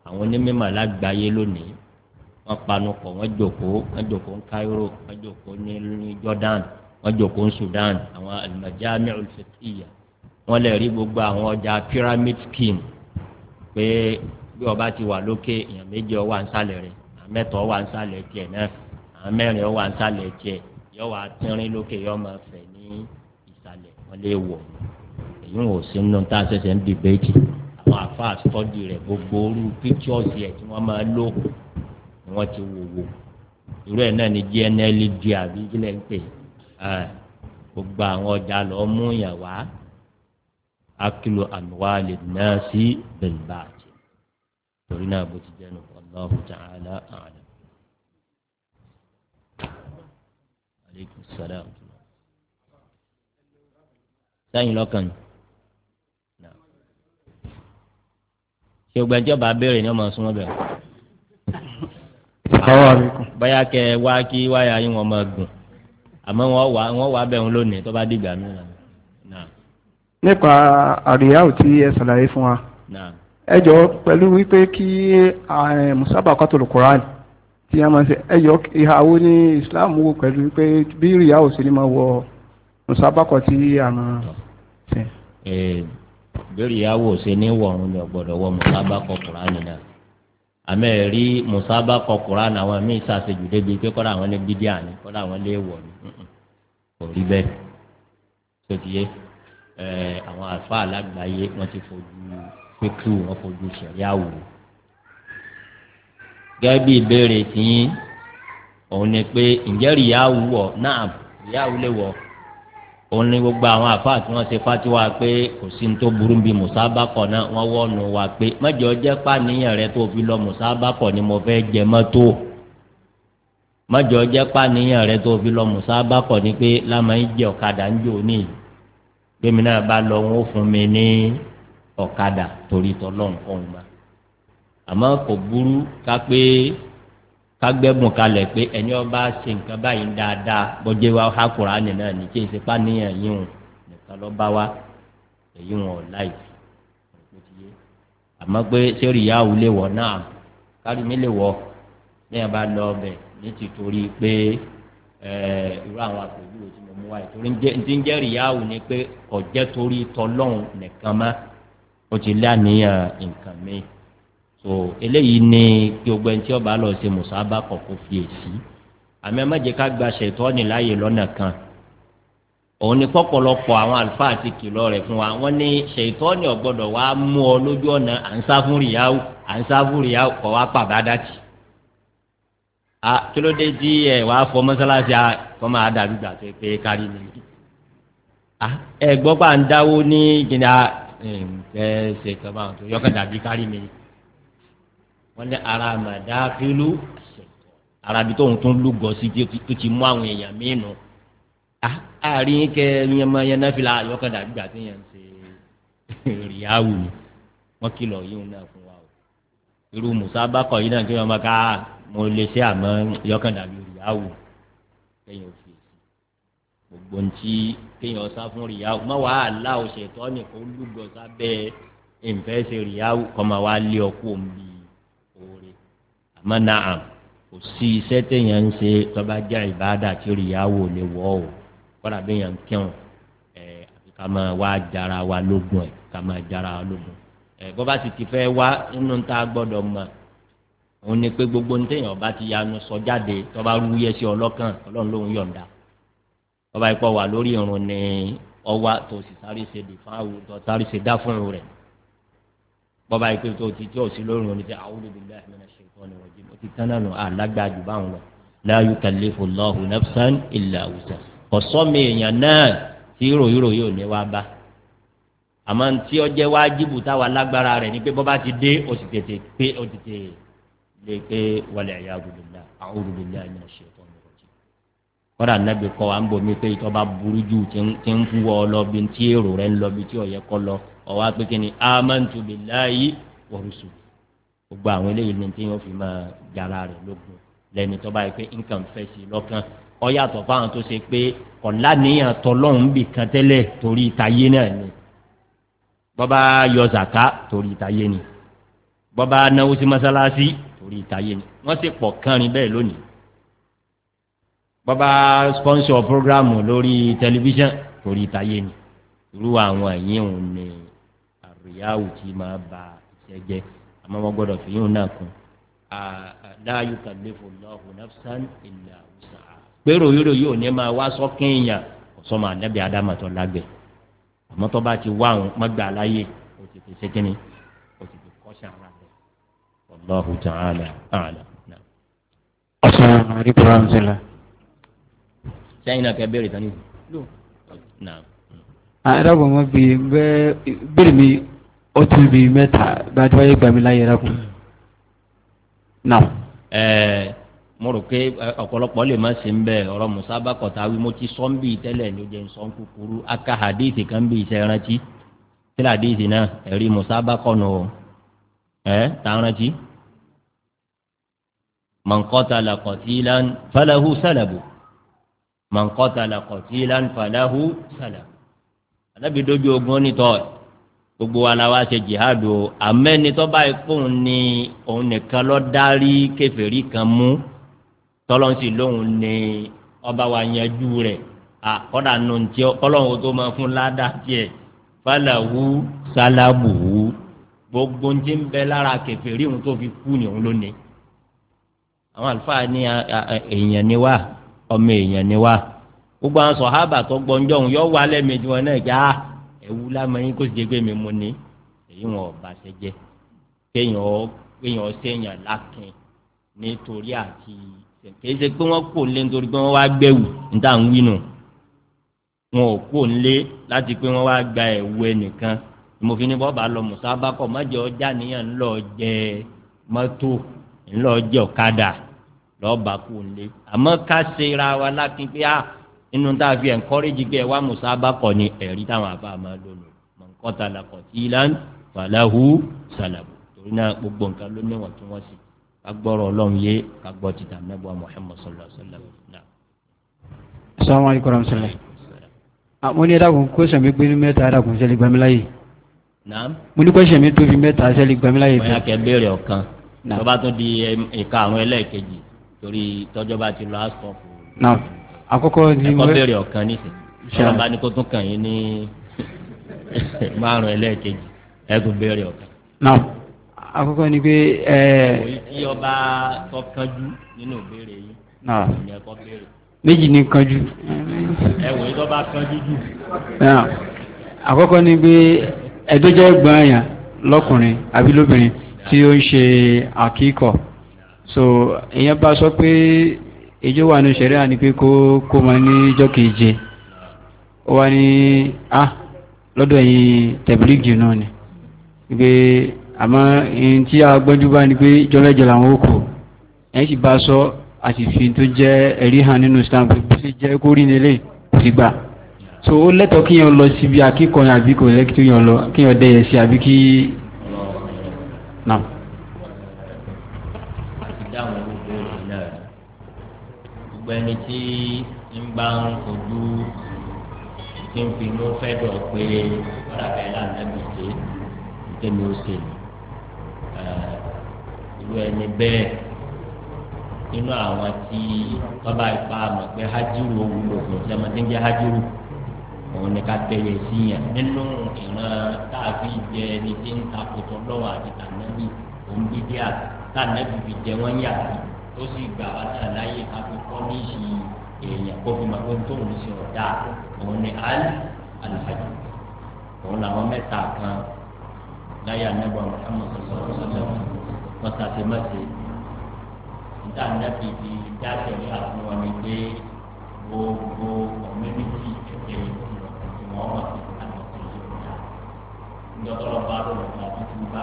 àwọn onímọ̀ lágbàáyé lónìí wọ́n panupọ̀ wọ́n jòkóó wọ́n jòkóó ní Cairo wọ́n jòkóó ní Jordan wọ́n jòkóó ní Sudan àwọn al-majami'ul fiqhiyya wọ́n lè rí gbogbo àwọn ọjà pyramid scheme pé bí ọba ti wà lókè èèyàn méjì ọwọ́ ànsálẹ̀ rẹ̀ àmẹ́tọ̀ ọwọ́ ànsálẹ̀ tiẹ̀ náà àmẹ́rin ọwọ́ ànsálẹ̀ tiẹ̀ yọ wà tínrín lókè yọ máa fẹ̀ ní wọn lè wọ èyí wọn ò sí nínú tá a ṣẹ̀ṣẹ̀ ń dìbẹ́tì àwọn afa àtọ́dì rẹ̀ gbogbo orú píkíọ̀sì ẹ̀ tí wọ́n máa lò ni wọ́n ti wò wò irú ẹ̀ náà ni GNL di àbí ilẹ̀ ń pè gbogbo àwọn ọjà lọ mú yàn wá akílò àmúwálé náà sí bilbaati torí náà bó ti jẹnu Allahu ta'ala a'lam. Aleykum salaam sẹ́yìn lọ́kàn ni ṣé o gbẹ́jọ́ bá béèrè ni ọmọ súnmọ́ bẹ̀rẹ̀. báyà kẹ wá kí wáyà yín wọn máa gùn àmọ́ wọ́n wà wọ́n wà bẹ̀rù lónìí tó bá dìgbà mìíràn. nípa àríyáwó tí ẹ ṣàlàyé fún wa ẹ jọ pẹ̀lú wípé kí musaba kọ́tòlù kúránì tí a máa ṣe ẹ jọ ìhàwó ní islam wò pẹ̀lú wípé bí ìrìyàwó sì ni máa wọ mùsàbàkọ̀ tí a máa tẹ̀. ìbéèrè ìyàwó ṣe ní wọ̀run ni ọ̀gbọ́dọ̀ wọ mùsàbàkọ̀ kùránì náà àmọ́ ẹ̀rí mùsàbàkọ̀ kùránì àwọn míì ṣàṣejù débi pé kọ́dà àwọn lé bídíà ni kọ́dà àwọn lé wọ̀ ni kò rí bẹ́ẹ̀ ṣèkìyẹ àwọn àlùfáà alágbàáyé wọ́n ti fojú pẹ́kù wọ́n fojú ṣẹ̀ríàwò gẹ́gẹ́ bí ìbéèrè tiyín òun ni pé ǹjẹ́ rìyáwù wọ̀ náà rìyáwù lè wọ̀ òun ni gbogbo àwọn àfáà tí wọ́n ṣe fatiwa pé kò sí ní tó burú bíi musabakọ̀ náà wọ́n wọ́ọ̀nù wa pé mẹ́jọ jẹ́ pàníyàn rẹ tó fi lọ musabakọ̀ ni mo fẹ́ jẹ mọ́tò mẹ́jọ jẹ́ pàníyàn rẹ tó fi lọ musabakọ̀ ni pé lámà ń jẹ ọ̀kadà ń jò ní gbẹ̀mí náà bá lọ wọn fún mi ní ọ̀kadà torí tọ́lọ́ nǹkan ọ̀hún ma kò burú ká pé. kagbẹ́bùn kalẹ̀ pé ẹni ọba ṣe nǹkan báyìí dáadáa bọ́jẹ́ wa ha Kùránì náà ní kí n ṣe pa nìkan lọ́ bá wa èyí wọn ò àmọ́ pé sẹ́rí lè wọ̀ náà kárí mi lè wọ̀ bá lọ ọbẹ̀ ní tìtorí pé irú àwọn mú torí ti ń pé ọ̀jẹ́ torí so eléyìí ni gbogbo ẹni tí ó bá lọ ṣe mùsàbá kọ̀ọ̀kan fi èsì àmì ẹ má jẹ́ ká gba ṣètọ́ ní láàyè lọ́nà kan òun ni pọ̀pọ̀lọpọ̀ àwọn àlùfáà ti kìlọ̀ rẹ̀ fún wa wọ́n ní ṣètọ́ ní ọ̀gbọ́dọ̀ wa mú ọ lójú ọ̀nà à ń sá fún rìyáwó à ń sá fún rìyáwó kọ̀ wá pàbádàtì a kí ló dé tí ẹ wà fọ mọ́sálásí kọ́ máa dàbí gbà tó pé kárí ni ẹ gbọ́ pà ń dáwó ní gíga ẹ ṣe kọ́ máa tó yọkàn dàbí kárí mi wọ́n ní ara màdáfílù arabi tóun tún lúgọ sí tó ti mú àwọn èèyàn míì nù àárín kẹ yamayanafi-la àyọkọ̀dà gbà tí yẹn ń ṣe rìáwù ni wọ́n kìlọ̀ yíwọn náà fún wa o irú musa bákọ̀ yìí náà kí wọ́n bá ká mo lè ṣe àmọ́ yọkọ̀dà rìáwù kẹ́yìn òfin gbogbo ntí kéèyàn sá fún rìáwù má wàá là ó ṣètọ́ nìkan ó lúgọ sábẹ́ ìfẹ́ ṣe rìáwù kọ́ máa wá lé ọkú òun bí àmọ́ náà kò sí iṣẹ́ téèyàn ń ṣe tọ́ba jẹ́ ìbáàdà tí ríyàwó lè wọ́ o kọ́dà bí èèyàn ń kẹ́hùn ẹ̀ ká máa wá jara wa lógun ẹ̀ ká máa jara wa lógun ẹ̀ bọ́ bá sì ti fẹ́ wá nínú tá a gbọ́dọ̀ mọ̀ òun ni pé gbogbo ní téèyàn bá ti yanu sọ jáde tọ́ba wúyẹ sí ọlọ́kàn ọlọ́run lòún yọ̀ǹda tọ́ba ipò wà lórí irun ni ọwa tó sì sáré ṣe dè fún àwọn tó sáré ṣe dá fún rẹ̀ bọ́ba ipò tó ti tí ò sí lórí irun ni ti àwọn olùdílé ṣètọ́ni wọ́n jẹ́ ti tán náà àlágbá jù báwọn lọ láàyò kẹlẹ́ fọlọ́hùn nẹ́fṣán ilẹ̀ àwùjọ ọ̀sọ́mi èèyàn náà tí ròyìnròyìn ò ní wá bá àmọ́ tí ó jẹ́ wájibù táwa lágbára rẹ̀ ni pé bọ́ bá ti dé o sì tètè pé o tètè lè pé wàlẹ̀ ẹ̀yà àgùdùnlá àwọn olùdílé àmì ọ̀ṣẹ̀ tó ń rọ̀jì. kọ́dà nàbì kọ́ wa ń bomi pé ìtọ́ bá burú jù tí ń fún ọ lọ bí tí èrò rẹ̀ ń lọ bí tí ọ̀yẹ́ kọ́ lọ ọ̀wá pé kí ni amantu bilayi wọ̀rùsùn gbogbo àwọn eléyìí ni tí wọ́n fi máa jara rẹ̀ lógun lẹ́ni tó báyìí pé nǹkan fẹ́ sí lọ́kàn ọ yàtọ̀ fáwọn tó ṣe pé kọ̀ọ̀lá níyàn tọlọ́hún bì kan tẹ́lẹ̀ torí ìtayé náà ni bọ́bá yọ zàká torí ìtayé ni bọ́bá náwó sí mọ́sálásí torí ìtayé ni wọ́n sì pọ̀ kánrin bẹ́ẹ̀ lónìí bọ́bá sponsor programu lórí tẹlifíṣàn torí ìtayé ni irú àwọn ẹ̀yìn ni àríyáwó tí máa ba iṣẹ́ àmọ́ wọ́n gbọ́dọ̀ fi yóò náà kún láàyò kàlẹ́fọ̀ lọ́hùn nafsan ìlà ọ̀sà. gbèrò yòrò yóò ní máa wá sọ́kìn èèyàn ọ̀sọ́mọ ànábì adámàtọ́ lágbẹ̀ àmọ́ tó bá ti wá àwọn mọ́gbà láyè ó ti fi ṣẹ́kínni ó ti fi kọ́ṣà ara rẹ̀ ọlọ́hùn tàn án là án là. ọ̀sán àríkùrọ̀ ọ̀hún sílẹ̀. sẹ́yìn náà kẹ́ bẹ́ẹ̀rẹ̀ tán ní. àdàbọ̀ ah, mọ́ bíi bẹ́ẹ̀ bẹ́ẹ̀rẹ̀ mi ó tún bí mẹ́ta bá tí wọ́n yé gbàmí láyé rẹ kún. náà. ẹẹ mo rò pé ọ̀pọ̀lọpọ̀ lè má ṣe ń bẹ̀ ọ̀rọ̀ musa bá kọ̀tà wí mo ti sọ ń bì tẹ́lẹ̀ ló jẹ́ sọ ń kúkúrú aka hadithi kan bì iṣẹ́ rántí hadithi náà ẹ̀rí musa bá kọ̀nù o ẹ̀ tá la kọ̀tílan falahu salabu mọ̀nkọ́ta la kọ̀tílan falahu salabu. alábìdójú ogun onítọ̀ gbogbo wa la wa ṣe jihad o amẹ́ni tó báyìí fóun ni òun nìkan lọ dárí kèfèrí kan mú tọ́lọ́nsì lóun ni ọba wa yanjú rẹ̀ àkọ́dà nù tí ọlọ́run tó máa fún ládà tiẹ̀ fàlàwù sálàbùwù gbogbo ń ń bẹ lára kèfèrí òun tó fi kú ni òun ló ní. àwọn àlùfáà ní èèyàn ni wá ọmọ èèyàn ni wá gbogbo àwọn sọ̀hábà tó gbọ́njọ́ òun yọ wà lẹ́mẹ̀ẹ́dì wọn náà gbà á. Ah, ewu lámọyìn kó sì jẹ́ pé mi mú ni èyí wọn ọba ṣe jẹ kéèyàn kéèyàn séèyàn lákin nítorí àti kìí ṣe pé wọn kò lé nítorí pé wọn wá gbẹwù níta ń wí nù wọn ò kò lé láti pé wọn wá gba ẹ̀wù ẹnìkan mo fi ní bọ́ọ̀bà lọ musa bakọ̀ mọ́jẹ́ ọjà níyàn ńlọ jẹ mọ́tò ńlọ jẹ ọ̀kadà lọ́ọ́ bá kò lé àmọ́ ká ṣe ra wa lákin pé a. Ah, inú tá a fi ẹ̀ńkọ́rẹ́jì kẹ́ ẹ wá musa bá kọ̀ ni ẹ̀rí táwọn àbá máa lò lò mọ̀ ń kọ́ta lakọ̀ tí ilan falahu salabu torí náà gbogbo nǹkan ló níwọ̀n tí wọ́n sì ká gbọ́rọ̀ ọlọ́run yé ká gbọ́ títà nẹ́bọ̀ muhammed sallallahu alayhi wa sallam. asalaamualeykum wa rahmatulahi. Ah, mo ní ẹ̀dàkùn kó sẹ̀mí gbé ní mẹ́ta ẹ̀dàkùn sẹ́lẹ̀ gbamiláyè. mo ní kó sẹ̀mí tóbi mẹ́ta sẹ́lẹ̀ gbamiláyè. mo yà kẹ́ béèrè ọ̀kan tó bá tún di ìka àwọn ẹlẹ́ẹ̀kejì torí tọ́jọ́ bá ti lọ asọ́ọ̀fù àkọ́kọ́ ni mo. ẹ̀kọ́ bẹ̀rẹ̀ ọ̀kan nísìnyí sọ̀rọ̀ bá ní kó tún kàn yín ní márùn ẹlẹ́ẹ̀kejì ẹ̀kún bẹ̀rẹ̀ ọ̀kan. náà àkọ́kọ́ ni pé. òyì tí ọba tó kánjú nínú ìbéèrè yìí. náà ẹ̀kọ́ bẹ̀rẹ̀. méjì ni kánjú. ẹ̀wọ̀n yìí tó bá kánjú jù. náà àkọ́kọ́ ni pé ẹ̀dọ́jẹ́ gbọ́n àyàn lọ́kùnrin àbí lóbìnrin tí ó ń ṣe àkíkọ̀ so ìyẹn bá sọ pé ìjó wà ní ṣẹ̀ríà ní pé kó kó mọ ní ìjọ keje ó wá ní a ah, lọ́dọ̀ ẹ̀yìn tẹ̀bílíìgì náà ni pé àmọ́ ẹni tí a gbọ́njú bá ní pé ìjọ mẹ́jọ làwọn ó kù ẹ̀yìn sì bá sọ àti fi tó jẹ́ ẹ̀rí hàn nínú Islam bó ṣe jẹ́ kó rí nílé kò sì gbà so ó lẹ́tọ̀ọ́ kí yẹn lọ síbi akíkọ̀ọ́ àbí kò lẹ́kìtì yẹn lọ kí yẹn dẹ́yẹ sí àbí kí. Naam. gbogbo ẹni tí ń bá ń fojú tí ń fi inú fẹ́ dọ̀ pé kọ́dà bẹ́ẹ̀ lànàbì ṣe ìtẹ́mi ó ṣe ìlú ẹni bẹ́ẹ̀ nínú àwọn tí bábà ipa mọ̀ pé hajiru owúlò fún ìṣẹ́mọ́tí ń jẹ́ hajiru òun ni ká tẹ̀lé sí yẹn nínú ìran táàbí jẹ ẹni tí ń takùtọ̀ lọ́wọ́ àti tànàbì òun bí díà tànàbì fi jẹ wọ́n yà ó sì gbà wá náà láyè ká fi kọ́ ní ìsì èèyàn kó fi pé tóun sì ọ̀dà òun ni al alhaji òun làwọn mẹ́ta kan láyé anábọ̀ Muhammad sallallahu alaihi wasallam wọn ta sí mẹ́sì níta nàbì fi dáṣẹ̀lẹ̀ àti wọn ni pé gbogbo community ẹ̀jẹ̀ ìwọ̀n ọ̀sìn àti ọ̀sìn yìí níjọ́ tó lọ bá lọ́wọ́ àti túbà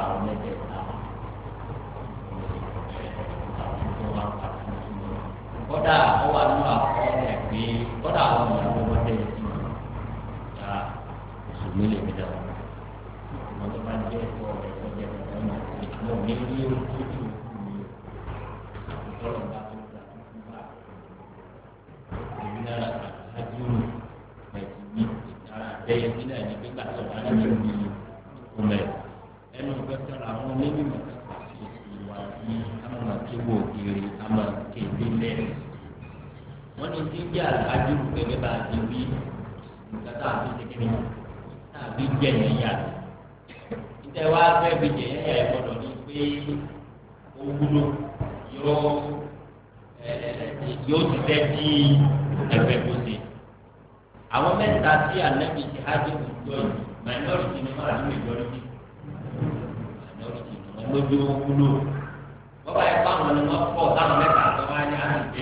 wa kọ́dà ó wà nínú àkọọ́lẹ̀ pé kọ́dà àwọn ọmọ ìlú wọn tẹ̀lé sí i ya mùsùlùmí lè fi dà wọn tó bá jẹ́ ẹ̀kọ́ ẹ̀kọ́ jẹ́ ẹ̀kọ́ náà ìtumọ̀ mi ní o. jẹ́ àlùfáàjù gẹ́gẹ́ a ti wí nǹkan tá a fi ṣe kíni tá a fi jẹ wá fẹ́ fi jẹ ẹ̀yà ẹ̀ ní pé ó yóò yóò ti fẹ́ di ẹ̀fẹ̀ kó se àwọn mẹ́ta tí anabi ti jọ yìí minority ni wọ́n á minority ni wọ́n àwọn pọ̀ táwọn mẹ́ta tó wá ní àná ti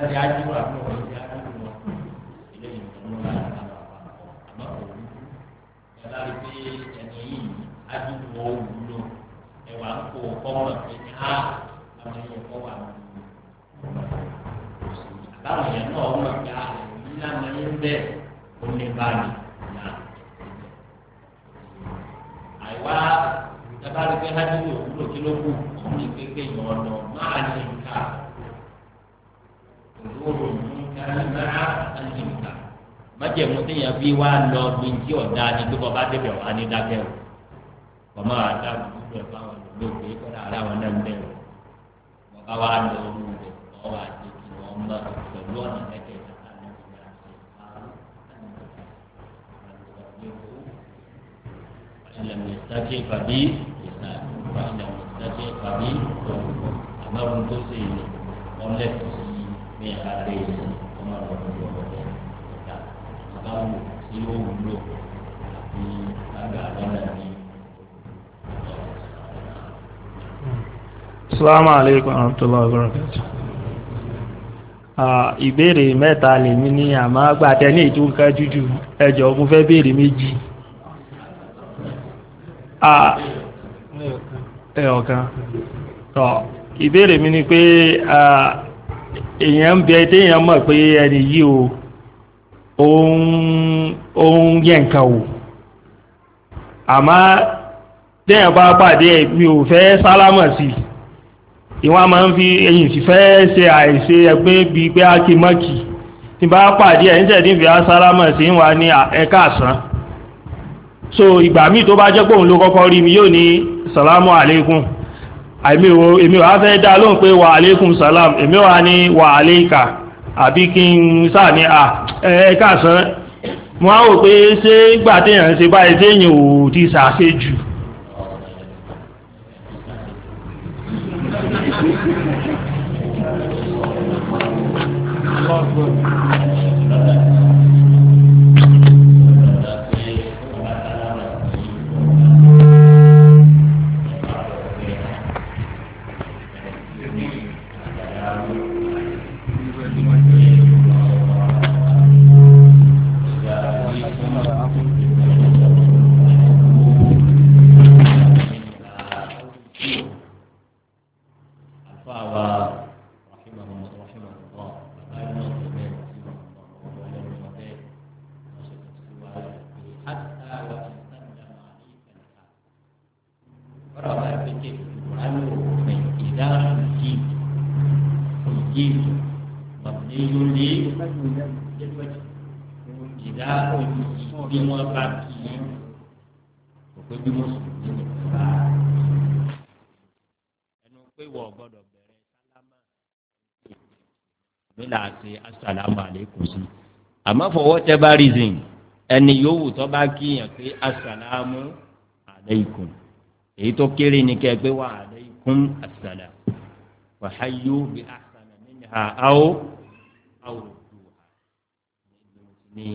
那年不了。tí wá lọ bí tí ọ̀dà ni tó bọ́ bá débẹ̀ wá ní dákẹ́ o ọmọ àdá gbogbo ẹ̀ báwọn lò pé kọ́dà ara wọn náà ń bẹ̀ o bàbá wa lọ ọmọ rẹ̀ lọ́wọ́ wá dé kí wọ́n mọ̀ pẹ̀lú ọ̀nà mẹ́tẹ̀ ilẹ̀ mùsàkì fàbí ilẹ̀ mùsàkì fàbí àmọ́ tó ṣe ilẹ̀ ọlẹ́tọ̀ọ́ sí ní àárẹ̀ ìsìn ọmọ ọ̀dọ́ ọ̀dọ́ ọ̀dọ́ ọ̀dọ́ ọ̀dọ́ tí ó wúlò ní agbára ní. Assalamu alaikum warahmatullahi wabarakatuh. Ìbéèrè mẹ́ta lèmi ní àmọ́ ní jújù fẹ́ béèrè méjì. Ìbéèrè mi ni pé èèyàn ń bẹ mọ̀ pé ẹni yìí o. òun yẹ nǹkan wò àmọ́ tẹ́yàn bá pàdé ẹ̀ mi ò fẹ́ sálámà sí ìwọ́n máa ń fi ẹ̀yìn sì fẹ́ ṣe àìṣe ẹgbẹ́ bíi pé ákímọ́kì tí bá pàdé ẹ̀ ń tẹ̀dí fi sálámà sí wà ní ẹ̀ka àsán so ìgbà míì tó bá jẹ́ pé òun ló kọ́kọ́ rí mi yóò ní sàlámù àlékún àìmí èmi wàá fẹ́ dá lóhùn pé wà àlékún sàlám èmi wàá ní wà àlékà àbí kí n sáà ní à ẹ káàsán mo á wò pé ṣé gbà téèyàn ń ṣe báyìí téèyàn ò ti ṣàṣe jù bílà àti asàlámù àlékún sí àmọ́ for whatever reason ẹni yòówù tó bá kíyàn pé asàlámù àlékún èyí tó kéré ni kẹ́ pé wà àlékún asàlá wàháyú bí asàlá minha áwò áwò dùwà ní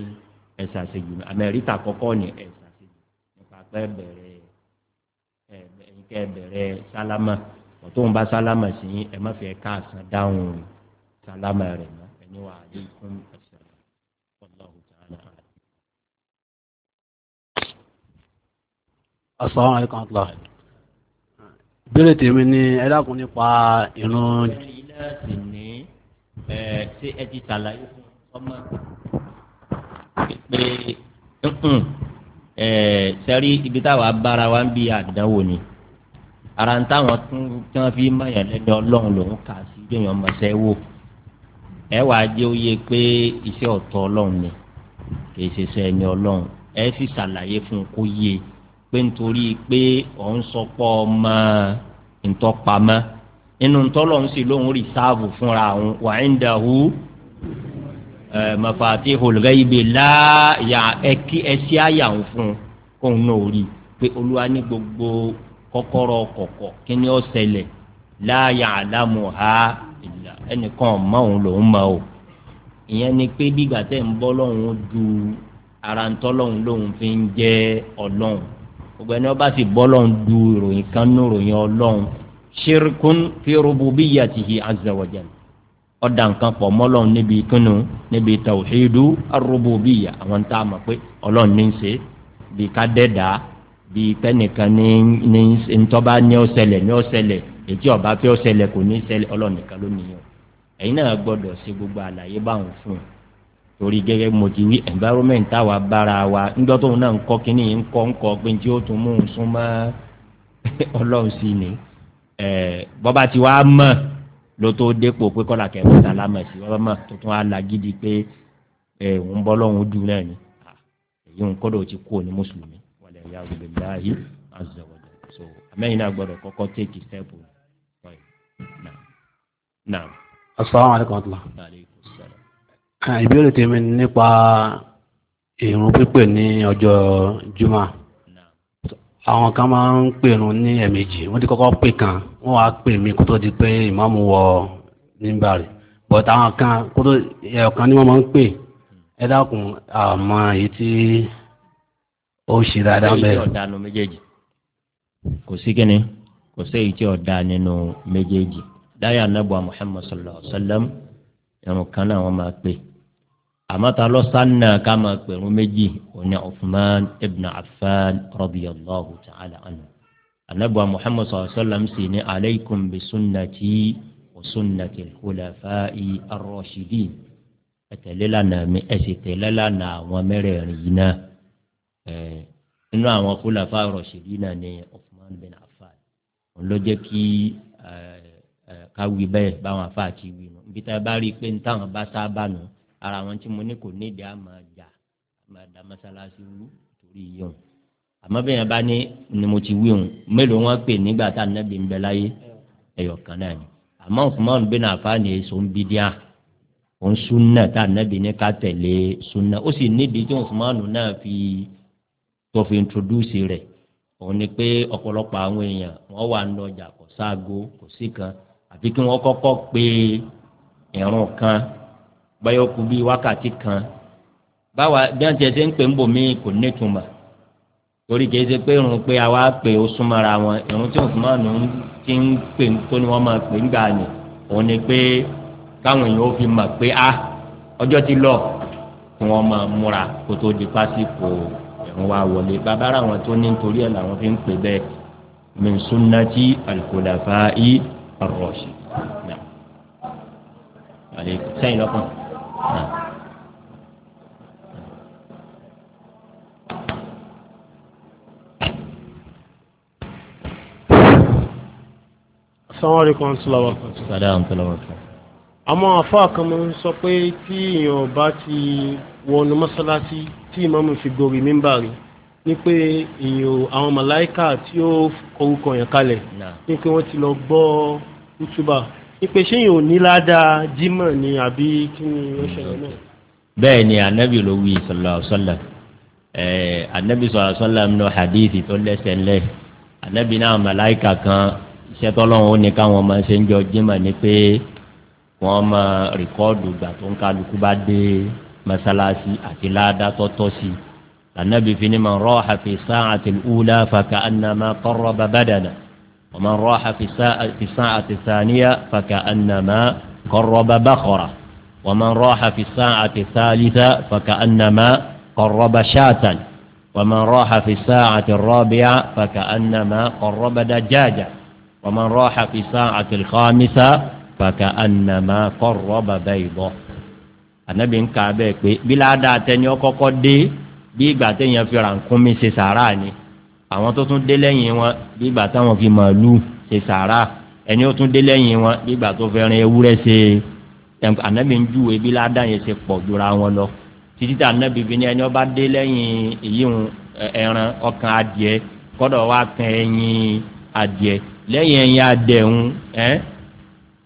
ẹ̀sà àṣejù àmẹ́ríkà kọ́kọ́ ni ẹ̀sà àṣejù nípa pẹ́ bẹ̀rẹ̀ ẹ̀yìn Salama. bẹ̀rẹ̀ sálámà ọ̀tún bá sálámà sí ẹ̀ má fi ẹ̀ka àṣà dáhùn sálámà rẹ̀ mọ́ ẹni wà á lè fún ẹsẹ̀ ọlọ́run tààlà. asalaamu alaykum wa rahmatulah. ìbéèrè tèmi ni ẹ dákun nípa irun. ilé ẹ̀sìn ní ṣé ẹ ti ṣàlàyé fún ọmọ pé sẹ́rí ibi táwa bára wa ń bi àdánwò ni ara ń táwọn tún tí wọ́n fi máyàn lẹ́ni ọlọ́run lòún kà sí bí èèyàn mọ̀ sẹ́wọ́ ẹ wàá jẹ́ ó yẹ pé iṣẹ́ ọ̀tọ̀ ọlọ́run ni kì í ṣe iṣẹ́ ẹni ọlọ́run ẹ sì ṣàlàyé fún un kó yé pé nítorí pé òun sọpọ̀ ọmọ ntọ́pamọ́ inú ntọ́lọ̀ ń sì lóun rìsáàbù fúnra òun wà ń dàhú mafati olùgbẹ́yìnbí láàyà ẹkí ẹsí àyàwó fún kóun náà rí pé olúwa ní gbogbo kọ́kọ́rọ́ kọ̀kọ́ kí ni ó ṣẹlẹ̀ láàyà àlámù ha ẹnìkan ọmọ òun lòún mọ o ìyẹn ni pé bígbà tẹ́ ń bọ́ lọ́hùn du ara ń tọ́ lọ́hùn lòún fi ń jẹ́ ọlọ́hùn gbogbo ẹni ọba sì bọ́ lọ́hùn du ìròyìn kan ní ìròyìn ọlọ́hùn ṣírkún fi rububiyyatihi azza wa jalla ọ̀dà nǹkan pọ̀ mọ́ níbi kínú níbi tawhidu ar-rububiyyah àwọn tá a mọ̀ pé ọlọ́hùn ní í ṣe bí ká dẹ́dàá bí pẹ́nìkan ní ní ntọ́ba ní ọ̀sẹ̀lẹ̀ ní ọ̀sẹ̀lẹ̀ ètí ọba fẹ́ ọ̀sẹ̀lẹ̀ kò ní í ṣẹlẹ̀ ọlọ́nìkan ló nìyẹn ẹ̀yin náà gbọ́dọ̀ ṣe gbogbo àlàyé báwọn fún un torí gẹ́gẹ́ mo environment táwa bára wa ńgbọ́ tóun náà ń kọ́ kínní yìí ń kọ́ ń kọ́ pé tí ó tún mú un sún mọ́ ọlọ́run sí ni bọ́ba ti wá mọ̀ ló tó dépò pé kọ́là kẹfẹ́ sálámọ̀ sí bọ́ba mọ̀ tó tún á la gidi pé òun bọ́ lọ́hùn dùn náà ni èyí ń kọ́dọ̀ ti kú òní mùsùlùmí wọlé ìyá òbí láàyè azọ̀wọ̀dọ̀ so àmẹ́yìn náà gbọ́dọ̀ kọ́kọ́ take step one. Now. Now asalaamu alaykum wa rahmatulah. ìbéèrè tèmi nípa ìrun pípè ní ọjọ́ juma àwọn kan máa ń pèrun ní ẹ̀mejì wọ́n ti kọ́kọ́ pè kan wọ́n wá pè mí kó tó di pé ìmáàmù wọ nígbà rẹ̀ but àwọn kan kó tó ẹ̀ọ̀kan ni wọ́n máa ń pè ẹ dákun àmọ́ èyí tí ó ṣe dáadáa bẹ́ẹ̀. kò sí ọ̀dà nínú méjèèjì kò sí kíni kò sí èyí tí ọ̀dà nínú méjèèjì láyà anábọ̀ muhammad sallallahu alayhi wa sallam irun kan náà wọ́n máa pè àmọ́ta lọ́sàn-án náà ká máa pè irun méjì òní uthman ibn affan radiyallahu ta'ala anhu anábọ̀ muhammad sallallahu alayhi wa sallam sì ní alaykum bi sunnati wa sunnati al-khulafa'i ar-rashidin ẹ̀tẹ̀lé lánàá mi ẹ̀sì tẹ̀lé lánàá àwọn mẹ́rẹ̀ẹ̀rin yìí inú àwọn khulafa'i ar-rashidin náà ní uthman bin affan òun ló kí ká wí bẹ́ẹ̀ báwọn afa àti wí nù ibi tá a bá rí i pé ní táwọn bá sábà nù ara wọn tí mo ní kò nídìí á máa jà máa da mọ́sálásí wú torí iye òun àmọ́ bí yẹn bá ní ni mo ti wí òun mélòó wọn pè nígbà tá ànábì ń bẹ láyé ẹ̀yọ̀ kan náà ni àmọ́ Usman bin Affan èso ń bí díà òun súnà tá ànábì ní ká tẹ̀lé súnà ó sì nídìí tí Usman náà fi tó fi introduce rẹ̀ òun ni pé ọ̀pọ̀lọpọ̀ àwọn èèyàn wọ́n wà ń lọ ọjà kò sáago kò sí kan àti kí wọ́n kọ́kọ́ pe ìrun kan báyọ̀ kú bíi wákàtí kan báwa bí wọ́n ti ṣe ń pè ń bò mí kò nítumọ̀ torí kìí ṣe pé irun pé àwa pè ó súnmọ́ra wọn irun tí òsùnmọ́nù ti ń pè tó ni wọ́n máa pè ń gbà ní òun ni pé káwọn èèyàn ó fi mọ̀ pé a ọjọ́ ti lọ kí wọ́n máa múra kó tó di pásítọ̀ ìrun wa wọlé bàbá wọn tó ní nítorí ẹ̀ làwọn fi ń pè bẹ́ẹ̀ min sunnati al-khulafa'i arọ́ọ̀ṣì náà àlè sẹ́yìn lọ́kàn náà. sọ́wọ́n rí kan sílọ́wọ́ kan. sàdá àwọn tó lọ́wọ́ kan. àmọ́ àfáà kan máa ń sọ pé tí èèyàn bá ti wọnú mọ́sálásí tí ìmáàmù fi gorí mímbà rí ní pé èèyàn àwọn màláìkà tí ó kọrúkọ yẹn kalẹ̀ ní pé wọ́n ti lọ gbọ́ kútúbà ní pé ṣé yìí ò ní ládàá jímọ̀ ni àbí kí ni ó ṣẹlẹ̀ náà. bẹ́ẹ̀ ni anabi ló wí sọlá anabi sọlá sọlá nínú hadith tó lẹ́sẹ̀ ńlẹ̀ anabi náà màláìkà kan iṣẹ́ tọ́lọ́run ó ní káwọn máa ṣe ń jọ jímọ̀ ni pé wọ́n máa rìkọ́ọ̀dù ìgbà tó ń kálukú bá dé mọ́sálásí àti ládàá tọ́tọ́ sí i. النبي في من راح في الساعة الأولى فكأنما قرب بدنا ومن راح في الساعة, في الساعة الثانية فكأنما قرب بقرة ومن راح في الساعة الثالثة فكأنما قرب شاة ومن راح في الساعة الرابعة فكأنما قرب دجاجة ومن راح في الساعة الخامسة فكأنما قرب بيضة النبي كعبك بلا داتن يوكو قدي bí ìgbà téèyàn fi rànkúnmí ṣe sàárà ni àwọn tó tún dé lẹ́yìn wọn bí ìgbà táwọn fi màálù ṣe sàárà ẹni ó tún dé lẹ́yìn wọn bí ìgbà tó fẹ́ràn ewúrẹ́ ṣe ànábì ń júwe bí ládàá yẹn ṣe pọ̀ jura wọn lọ títí tá ànábì bí ní ẹni ọba dé lẹ́yìn ìyíhun ẹran ọkàn adìẹ kọ́dọ̀ wá kan ẹyin adìẹ lẹ́yìn ẹyin adẹ̀hún ẹ́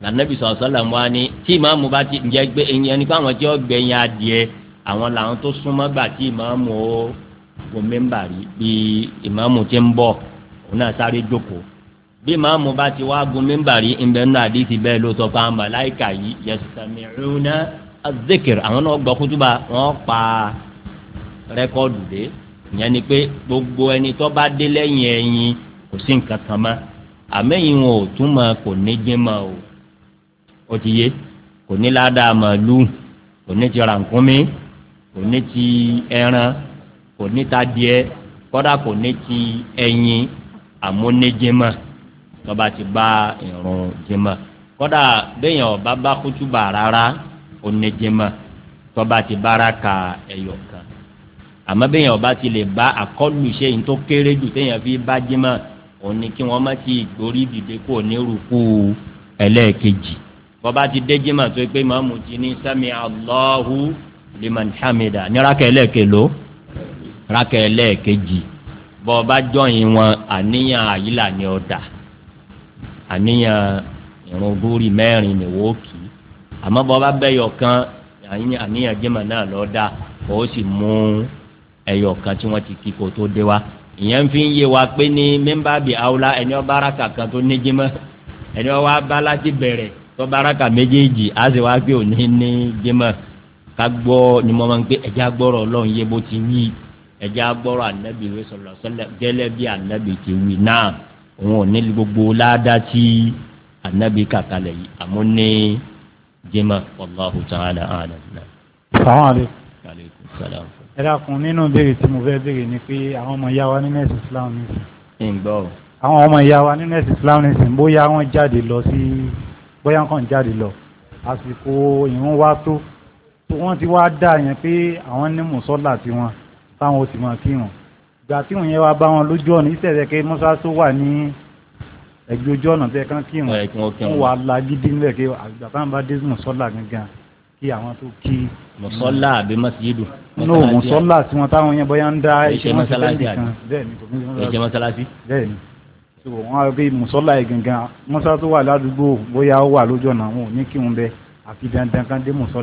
ànábì sọ̀sọ́ làwọn wá ní tí ìmáàmù bá ti ǹjẹ́ gbé ẹyin ẹni àwọn làwọn tó súnmọ́ gbà tí ìmáàmù ó gun mẹ́mbà rí bí ìmáàmù ti ń bọ̀ òun náà sáré jókòó bí ìmáàmù bá ti wá gun mẹ́mbà rí ìbẹ̀ nínú àdìsí bẹ́ẹ̀ ló sọ fáwọn màláìkà yìí yẹsùtàmìrúnà azikir àwọn náà gbọ́ kútúbà wọ́n pa rẹ́kọ́ọ̀dù dé ìyẹn ni pé gbogbo ẹni tó bá dé lẹ́yìn ẹ̀yìn kò sí nǹkan kan mọ́ àmẹ́yìn wọn ò túmọ̀ kò ní jẹ́ o ó ti yé kò ní ládàá màálù kò ní ti rànkúnmí kò ní ti ẹran kò ní ta díẹ̀ kọ́dà kò ní ti ẹyin àmúnejẹmọ lọ́ba ti bá ìrùn jẹmọ kọ́dà béèyàn ọba bá kútùbà rárá onejẹmọ tọ́ba ti bára ka ẹyọ kan àmọ́ béèyàn ọba ti lè bá àkọlù ṣe ní tó kéré jù téèyàn fi bá jẹmọ òun ni kí wọ́n má ti gbórí dìde kó onírúkú ẹlẹ́ẹ̀kejì bọ́ba ti dé jẹmọ tó pé màmú ti ní sami Allahu liman hamida ní rákẹ́ ẹlẹ́ẹ̀kẹ́ ló rákẹ́ ẹlẹ́ẹ̀kejì bọ́ ọba jọyìn wọn àníyàn àyílà ni ọ̀dà àníyàn ìrùn gúrì mẹ́rin ni wọ́n kì í àmọ́ bọ́ ọba bẹ́yọ̀ kan àníyàn jẹ́mọ̀ náà lọ́dà ó sì mú ẹyọ kan tí wọ́n ti kí kó tó dé wa ìyẹn fi ń yé wa pé ní mẹ́mbà bí aola ẹni ọba araka kan tó ní jẹ́mọ̀ ẹni ọba bá láti bẹ̀rẹ̀ tọ́ba araka méjèèjì á sì wá pé òní ní jẹ́mọ̀ ká gbọ́ ni mo máa ń gbé ẹja gbọ́rọ̀ ọlọ́run yé bó ti wí ẹja gbọ́rọ̀ ànábì rẹ sọ̀rọ̀ sọ́lẹ̀ gẹ́lẹ́ bí ànábì ti wí náà òun ò ní gbogbo ládàá tí ànábì kàkálẹ̀ yìí àmọ́ ní jimá wàláhù tààlà àlà náà. sàmúlẹ̀. aleykum salaam. ẹ nínú béèrè tí mo fẹ́ béèrè ni pé àwọn ọmọ ìyá wa ní islam ní sùn. ẹ ń gbọ́ àwọn ọmọ ìyá wa ní islam ní sùn bóyá wọ́n jáde lọ sí bóyá wọ́n kàn jáde lọ àsìkò ìrún wa tó tó wọ́n ti wá dà yẹn pé àwọn ní mùsọ́là tiwọn táwọn ò sì mọ̀ kírun ìgbà tí òun yẹn wá bá wọn lójú ọ̀nà ìṣẹ̀lẹ̀ pé mọ́ṣáláṣí wà ní ẹgbẹ́ ojú ọ̀nà tẹ́ kán kírun fún wa lagídí nílẹ̀ pé àgbà táwọn bá dé mùsọ́là gangan kí àwọn tó kí. mùsọ́là àbí mọ́sídù. no mùsọ́là tí wọ́n táwọn yẹn bọ́yá ń dá iṣẹ́ mọ́ṣáláṣí kan bẹ́ẹ̀ ni kò ní iṣẹ́ mọ́ṣáláṣí. bẹ́ẹ̀ ni so wọ́n á gbé mùsọ́là yìí gangan mọ́ṣáláṣí wà ládùúgbò bóyá